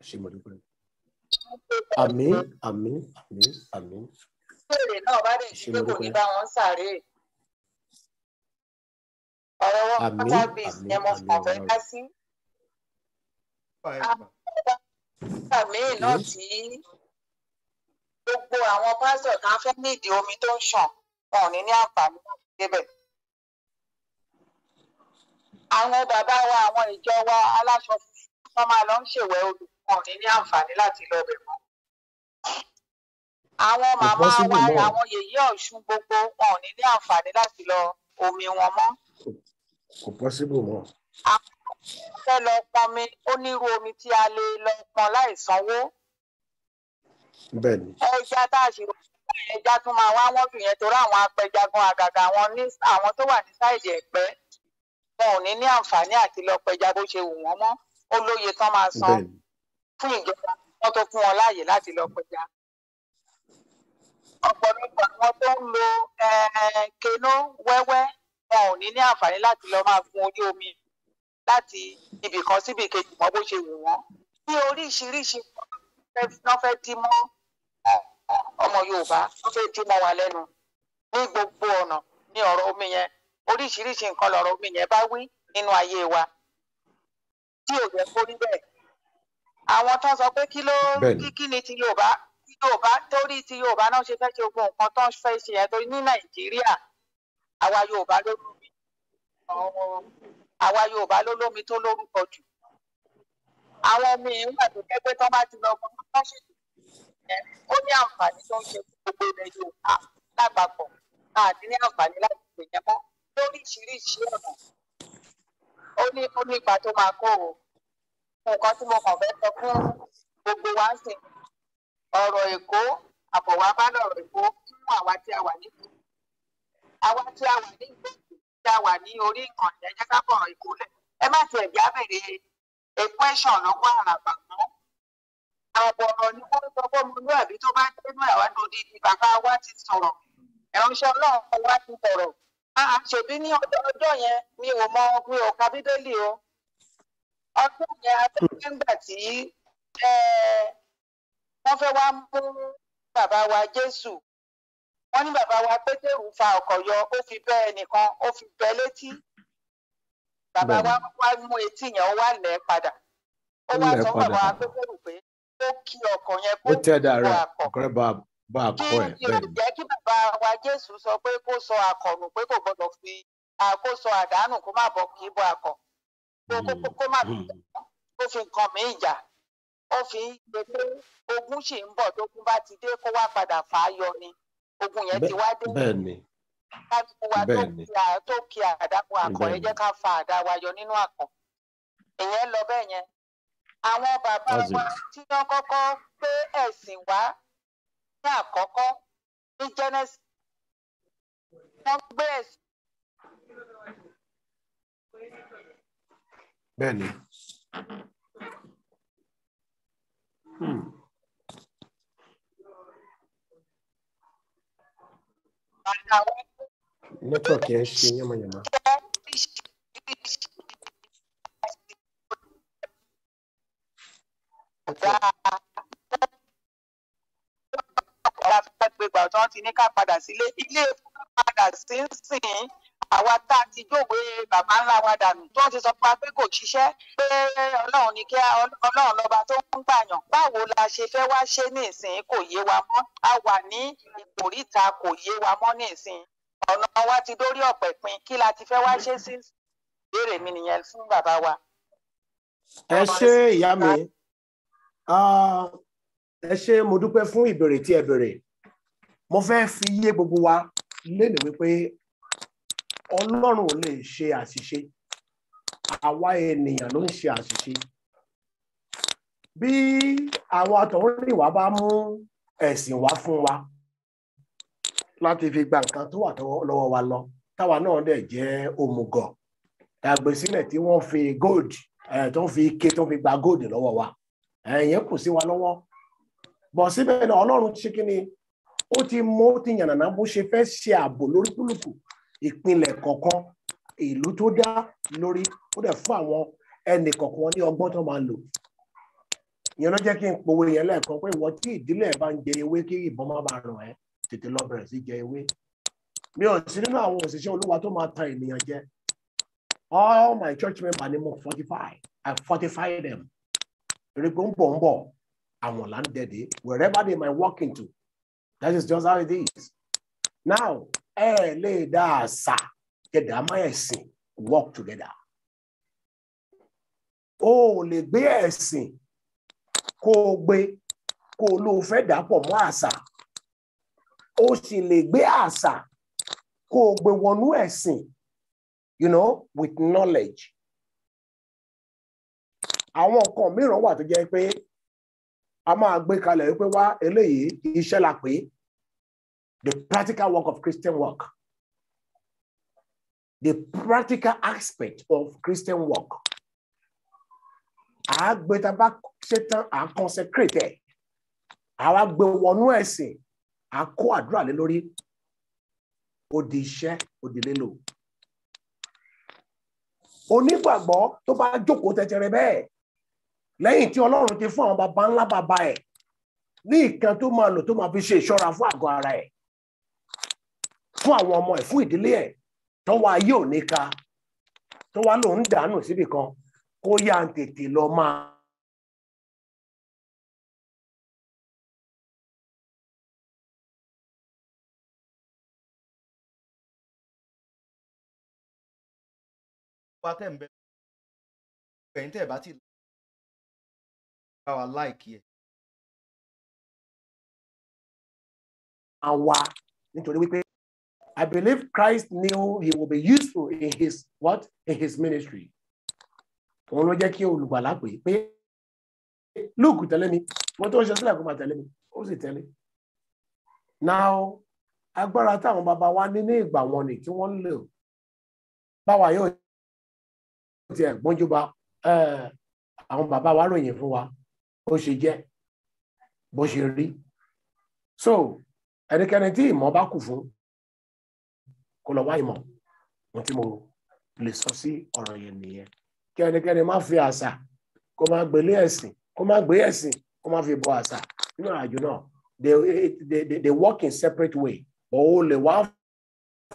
ẹ ṣé mo dúpẹ́. àmín àmín àmín àmín. ìbéèrè náà bá lè ṣe pé kò ní bá wọn sáré ọ̀rọ̀ wọn pátá bíi yẹn mo kàn fẹ́ dá sí. àmín náà tí gbogbo àwọn pásítọ̀ kan fẹ́ nídìí omi tó ń ṣàn wọn ní àǹfààní láti débẹ̀ àwọn bàbá wa àwọn ìjọ wa aláṣọ wọn máa lọ ń ṣèwẹ̀ odò ní ní àǹfààní láti lọ bẹ̀ mọ́. àwọn màmá wa àwọn yèyé ọ̀ṣun gbogbo wọn ò ní ní àǹfààní láti lọ omi wọn mọ́. kò pọ́síbù mọ́. àwọn fẹ́ lọ pọnmi ó omi tí a lè lọ pọn láì sanwó. bẹ́ẹ̀ni. ẹja tá a ṣe ẹja tún máa wá wọ́n fi torí àwọn apẹjagun àgàgà àwọn tó wà ní sáìdì ẹ̀pẹ́ wọn ò ní ní àǹfààní àti lọ pẹja bó ṣe wù wọ́n mọ́ ó lóye tán máa san fún ìjọba wọn tó fún wọn láàyè láti lọ pẹja ọ̀pọ̀lọpọ̀ àwọn tó ń lo eh, kenó wẹ́wẹ́ wọn ò ní ní àǹfààní láti lọ máa gun orí omi láti ibì kan síbì kejì mọ́ bó ṣe wù wọ́n bí oríṣiríṣi wọ́n fẹ́ dí mọ́ ọmọ Yorùbá wọ́n fẹ́ dí mọ́ wa lẹ́nu ní gbogbo ọ̀nà ní ọ̀rọ̀ omi yẹn oríṣiríṣi nǹkan lọ̀rọ̀ omi yẹn bá wí nínú ayé wa tí ò yẹ kó bẹ́ẹ̀ àwọn tó sọ pé kí ló kí kí ni ti Yorùbá ti Yorùbá torí ti Yorùbá náà ṣe fẹ́ ṣe ogun nǹkan tó fẹ́ ṣe yẹn torí ní Nàìjíríà àwa Yorùbá ló àwa Yorùbá ló tó lórúkọ jù àwọn míín wà tó jẹ́ pé bá ti lọ ọmọ tó bá ṣètò ó ní àǹfààní tó ń ṣe gbogbo ilẹ̀ Yorùbá lápapọ̀ àti ní àǹfààní láti pè yẹn mọ́ lóríṣiríṣi ọ̀nà ó ní ó ní ipa tó máa kó o nǹkan tí mo kàn fẹ́ sọ fún gbogbo wa ń sìn ọ̀rọ̀ èkó àbọ̀wá bá lọ̀rọ̀ èkó fún àwa tí a wà ní ìlú àwa tí a wà ní ìlú tí a wà ní orí ìkànnì ẹ̀jẹ̀ sábọ̀rọ̀ èkó lẹ̀ ẹ má tiẹ̀ bí abẹ̀rẹ̀ èkó ẹ̀ṣọ̀ lọ́wọ́ àràbà mọ́ àbọ̀rọ̀ ni wọ́n sọ fún ọmọlúwàbí tó bá dénú àwa tó di bàbá wa ti sọ̀rọ̀ ẹ̀ránṣẹ́ ọlọ́run wa ti sọ̀rọ̀ àṣebí ní ọjọ́ yẹn mi ò mọ mi ò ka bíbélì o ọjọ́ yẹn afẹ́fẹ́ ń gbà tí wọ́n fẹ́ wá mú bàbá wa Jésù wọ́n ní bàbá wa Pétérù fa ọkọ̀ yọ ó fi bẹ́ ẹnìkan ó fi bẹ́ létí bàbá wa wá mú etí yẹn ó wá lẹ̀ padà ó wá sọ bàbá wa Pétérù pé ó kí ọkọ̀ yẹn kó tẹ̀ dàrú àkọ́. bá a kọ ẹ̀ bẹ́ẹ̀ kí ìrọ̀jẹ́ bàbá wa Jésù sọ pé kó sọ àkọ̀nù pé kò gbọ́dọ̀ fi kó sọ àdánù kó má bọ̀ kí bọ̀ àkọ̀ kó má hmm. kó fi nǹkan mí ìjà ó fi ń ṣe pé ogun ṣì ń bọ̀ tógun bá ti dé kó wá padà fà á yọ ni ogun yẹn ti wá dé. bẹ́ẹ̀ ni kálukú wa tó kí àdàpọ̀ akọ̀, ẹ jẹ́ ká fa àdá wa yọ nínú akọ̀. ìyẹn lọ bẹ́ẹ̀ yẹn àwọn bàbá wa tí wọ́n kọ́kọ́ gbé ẹ̀sìn wá àkọ́kọ́ ní Genesis wọ́n gbé ẹ̀sùn. Bẹ́ẹ̀ni. Hmm. Network yẹn ṣe yamayama. Okay. àwa fẹ́ gbé gbà tí wọ́n ti ní ká padà sílé ilé ká padà sí ń àwa tá a ti dóògbé bàbá ńlá wa dànù tí wọ́n ti sọ pé kò ṣiṣẹ́ pé ọlọ́run ní kí ọlọ́run lọ́ba tó ń gbàyàn báwo la ṣe fẹ́ wá ṣe ní ìsìn kò yé wa mọ́ a wà ní ìkórìta kò yé wa mọ́ ní ìsìn ọ̀nà wa ti dórí ọ̀pẹ̀ pin kí la ti fẹ́ wá ṣe sí ìbéèrè mi nìyẹn fún bàbá wa. ẹ ṣe ìyá mi ẹ ṣe mo dúpẹ́ fún ìbéèrè tí ẹ béèrè mo fẹ́ fi yé gbogbo wa lénìí wípé ọlọ́run ò lè ṣe àṣìṣe àwa ènìyàn ló ń ṣe àṣìṣe bí àwọn àtọ̀húnrìn wa bá mú ẹ̀sìn wá fún wa láti fi gba nǹkan tó wà lọ́wọ́ wa lọ táwa náà dẹ̀ jẹ́ òmùgọ̀ dàgbèsílẹ̀ tí wọ́n fi gold tó ń fi ike tó ń fi gba gold lọ́wọ́ wa ẹ̀yẹn kù sí wa lọ́wọ́ bọ̀ síbẹ̀ náà ọlọ́run ṣe kí ni ó ti mú ó ti yànnàná bó ṣe fẹ́ ṣe ààbò lórí kúlùkù ìpínlẹ̀ kọ̀ọ̀kan ìlú tó dá lórí ó dẹ̀ fún àwọn ẹnì kọ̀ọ̀kan ní ọgbọ́n tó máa lò ìyẹn ló jẹ́ kí n powó yẹn lẹ́ẹ̀kan pé ìwọ tí ìdílé ẹ̀ bá ń jẹ ewé kí ìbọn má bàa ràn ẹ́ tètè lọ bẹ̀rẹ̀ sí jẹ ewé mi ò sí nínú àwọn òṣìṣẹ́ olúwa tó máa ta ènìyàn jẹ all my church members ni mo fortify I fortify them èrè pé ń bọ̀ ń bọ̀ àwọn láńdẹ̀dẹ̀ wherever they might walk into that is just how it is now ẹ lè dá àṣà kẹdà má together o ò lè gbé ẹ̀sìn kó o gbé kó o lóo fẹ́ dà pọ̀ mọ́ àṣà o sì lè gbé àṣà kó you know with knowledge àwọn nǹkan mìíràn wà tó a máa gbé kalẹ̀ wípé wá eléyìí iṣẹ́ la pé the practical work of Christian work the practical aspect of Christian work à á gbé tá a bá ṣetán à á consecrate ẹ̀ à á gbé wọnú ẹ̀sìn à á kó àdúrà lé lórí ó di iṣẹ́ ó di lílò tó bá jókòó tẹ̀tẹ̀rẹ̀ bẹ́ẹ̀ lẹ́yìn tí ọlọ́run ti fún àwọn baba ńlá baba ẹ̀ ní ìkan tó máa lò tó máa fi ṣe ìṣọ́ra fún àgọ́ ara ẹ̀ fún àwọn ọmọ ẹ̀ fún ìdílé ẹ̀ tọ́wọ́ ayé ò ní ka tó wá lòun dànù síbì kan kó yá ń tètè lọ máa. pàtẹ́ ń bẹ ẹ̀yìn tẹ́ bá ti lọ bá wa láìkí ẹ̀. àwa nítorí wípé I believe Christ knew he would be useful in his what in his ministry. òun ló jẹ́ kí olùgbàlà pè é pé Luke tẹ̀lé mi wọ́n tó ń ṣe now agbára táwọn bàbá wa ní ní ìgbà it ni tí wọ́n ń lò báwa yóò tiẹ̀ gbọ́njú ba eh, àwọn bàbá wa ròyìn fún wa bó ṣe jẹ́ bó ṣe rí so ẹnikẹ́ni tí ìmọ̀ bá kù fún kó lọ wá ìmọ̀ ohun tí mo lè sọ sí ọ̀rọ̀ yẹn nìyẹn kí ẹnikẹ́ni má fi àṣà kó má gbélé ẹ̀sìn kó má gbé ẹ̀sìn kó má fi bọ àṣà nínú àjò náà they they they work in separate way but ó lè wá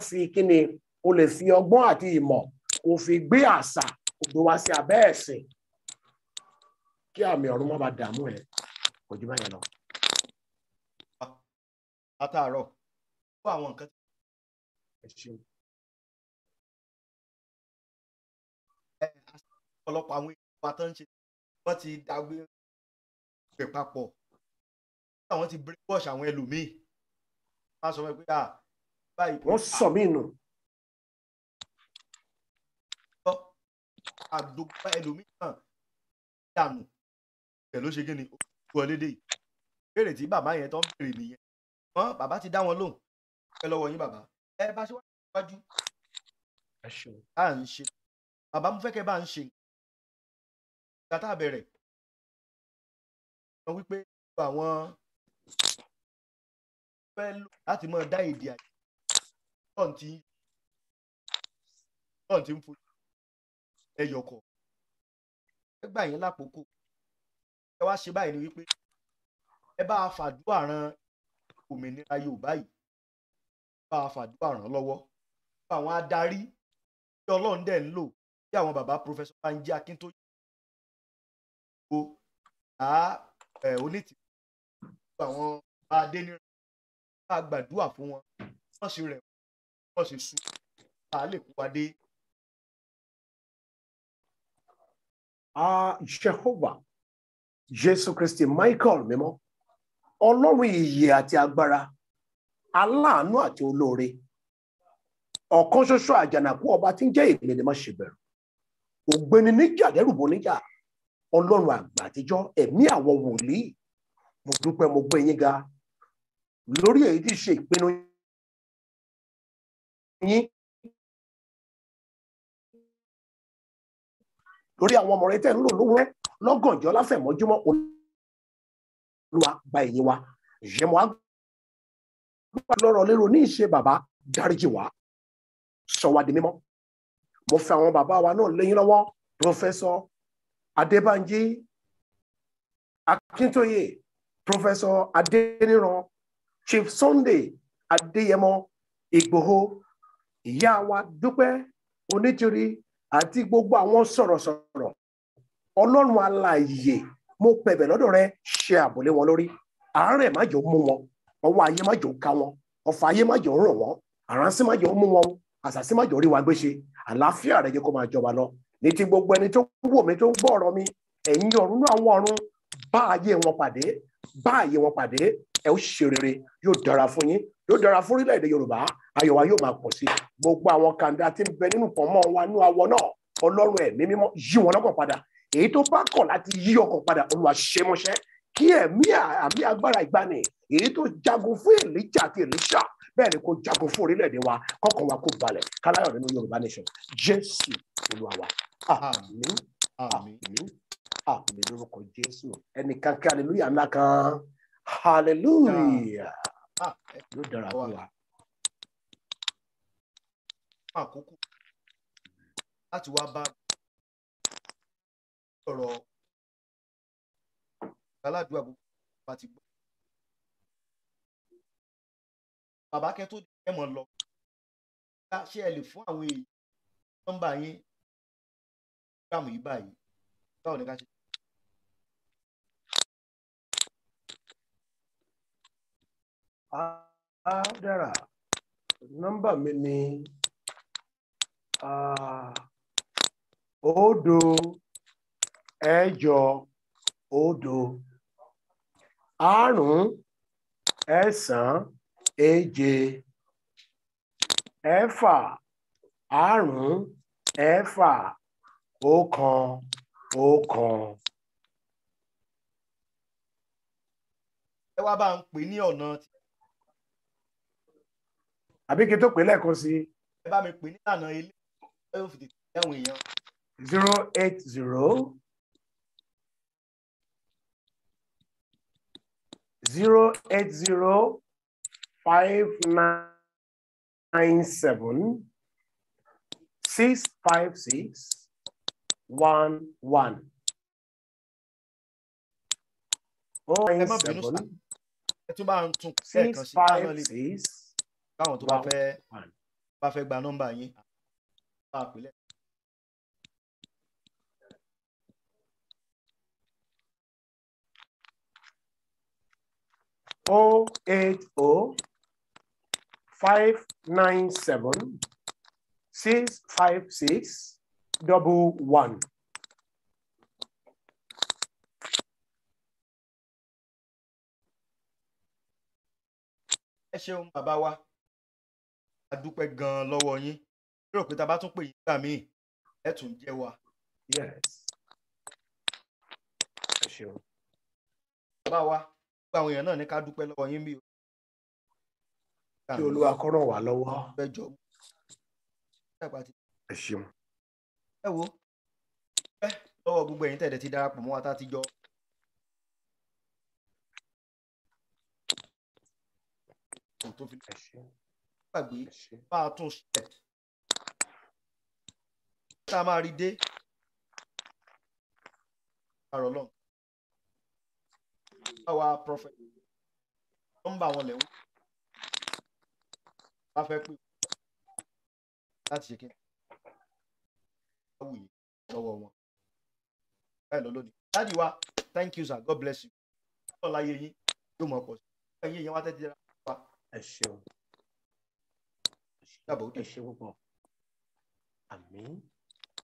fi kí ni ó lè fi ọgbọ́n àti ìmọ̀ kó fi gbé àṣà kó gbé wá sí abẹ́ ẹ̀sìn kí àmì ọ̀run má ba dààmú ẹ kò jù báyẹn lọ. látàárọ̀ fún àwọn nǹkan. ẹ ṣeun. ọ̀pọ̀lọpọ̀ àwọn èèyàn wa tó ń ṣe wọ́n ti dàgbé pè papọ̀ àwọn ti brainwash àwọn ẹlòmíì wọ́n sọ pé à báyìí. wọ́n sọ mí nù. àdókòwò ẹlòmíì náà dànù ẹ̀ ló ṣe kí ni ó wọlé dé yìí béèrè tí bàbá yẹn tó ń béèrè nìyẹn wọn bàbá ti dá wọn lóhùn ẹ lọ́wọ́ yín bàbá ẹ bá ṣe wájú à ń ṣe bàbá mo fẹ́ kẹ́ bá ń ṣe ìgbà tá a bẹ̀rẹ̀ wọn wípé àwọn fẹ́ lò láti máa dá èdè àyè tọ́n ti tọ́n ti ń fojú ẹyọkọ̀ ẹgbà yín lápòókò ẹ wá ṣe báyìí ni wípé ẹ bá a fàdúrà ran òmìnira Yorùbá yìí bá a fàdúrà ràn lọ́wọ́ fún àwọn adarí tí Ọlọ́run dẹ̀ ń lò bí àwọn bàbá Professor Banji Akintoye gbogbo à ẹ onítìrí gbogbo àwọn bá a dé nírìn bá a gbàdúrà fún wọn wọ́n sì rẹ̀ wọ́n sì sùn bá a lè kó wa ah, Jehovah jésù kristi michael mímọ́ ọlọ́run ìyè àti agbára aláàánú àti olóore ọ̀kan ṣoṣo àjànàkú ọba tí ń jẹ́ ìpínlẹ̀ má ṣe bẹ̀rù ògbéni níjà dẹ́rùbọ níjà ọlọ́run àgbà àtijọ́ ẹ̀mí àwọn wòlíì mo dúpẹ́ mo gbé yín ga lórí èyí tí ṣe ìpinnu yín lórí àwọn ọmọ rẹ tẹ́ ń lò lówó rẹ lọ́gànjọ́ láfẹ̀mọ́júmọ́ olúwa gba ẹ̀yìn wa yẹmọ́ agbára lọ́rọ̀ lérò ní ìṣe bàbá dáríjì wá sọ wá di mímọ́ mo fẹ́ àwọn bàbá wa náà lẹ́yìn lọ́wọ́ pọfẹ́sọ adébánjí akíntóye pọfẹ́sọ adéníran chief sunday adéyẹmọ ìgbòho ìyá wa dúpẹ́ onítìrí àti gbogbo àwọn sọ̀rọ̀sọ̀rọ̀ ọlọ́run alààyè mo pẹ̀bẹ̀ lọ́dọ̀ rẹ ṣe àbòlé wọn lórí àárẹ̀ má jọ mú wọn ọwọ́ ayé má jọ ká wọn ọ̀fà ayé má jọ ràn wọn àránsí má jọ mú wọn àṣàṣí má jọ rí wa gbéṣe àlàáfíà rẹ jẹ́ kó máa jọba lọ ní ti gbogbo ẹni tó wò mí tó ń gbọ́ ọ̀rọ̀ mi ẹ̀yin ọ̀run náà àwọn ọ̀run bá ayé wọn pàdé bá ayé wọn pàdé ẹ ó ṣe rere yóò dára fún yín yóò dára fún orílẹ̀-èdè yorùbá ayọ̀ wa yóò máa pọ̀ sí gbogbo àwọn kàńdà tí ń bẹ nínú pọ̀nmọ́ wa nínú awọ náà ọlọ́run ẹ̀mí mímọ́ yí wọn lọ́kàn padà èyí tó bá kọ̀ láti yí ọkọ̀ padà olúwa ṣe mọ́ṣẹ́ kí ẹ̀mí àmì agbára ìgbani èyí tó jagun fún èlíjà àti èlíṣà bẹ́ẹ̀ ni kò jagun fún orílẹ̀-èdè wa kọ́kàn wa kó balẹ̀ káláyọ̀ nínú yorùbá nation jésù olúwa wa àmín àmín àmín lórúkọ jésù ẹnì kankan aleluya ńlá kan hallelujah ló ah, ah, eh, dára fún wa. àkókò láti wá bá sọ̀rọ̀ aládùúgbò àbúkù bá ti gbọ́. bàbá kẹ́ tó dé mọ̀ lọ ṣé ẹ lè fún àwọn èèyàn nọ́mbà yín gbàmù yìí báyìí báwo ni ká ṣe. a dára nọ́mbà mi ni òdo. Uh, ẹ̀jọ òdo àrún ẹ̀sán èje ẹ̀fà àrún ẹ̀fà ọ̀kan ọ̀kan. ẹ wá bá ń pè ní ọ̀nà. àbí kí n tó pè lẹ́ẹ̀kan sí i. ẹ bá mi pè ní ìlànà ilé ẹ̀ ń fi tètè ẹ̀wọ̀n èèyàn. zero eight zero. zero eight zero five nine seven six five six one one. bá fẹ́ gba nọ́mbà yín. 080 597 656 double one. ẹ ṣeun bàbá wa a dúpẹ́ gan-an yín lérò pé tá a bá tún pè yín gbà míì ẹ tún jẹ́ wa. bàbá wa gbogbo àwọn èèyàn náà ní ká dúpẹ́ lọ́wọ́ yín bí o. kí olúwa kó wá lọ́wọ́. ẹ ṣeun. ẹ wo ẹ lọ́wọ́ gbogbo ẹ̀yin tẹ̀dẹ̀ ti darapọ̀ mọ́ wa a ti jọ. tó gbàgbé bá a tún ṣe tá a máa rí dé. Àrọ̀ lọ́nà. Our prophet number one. lè ń wá fẹ́ pé thank you sir god bless you ọ̀pọ̀ láyé yín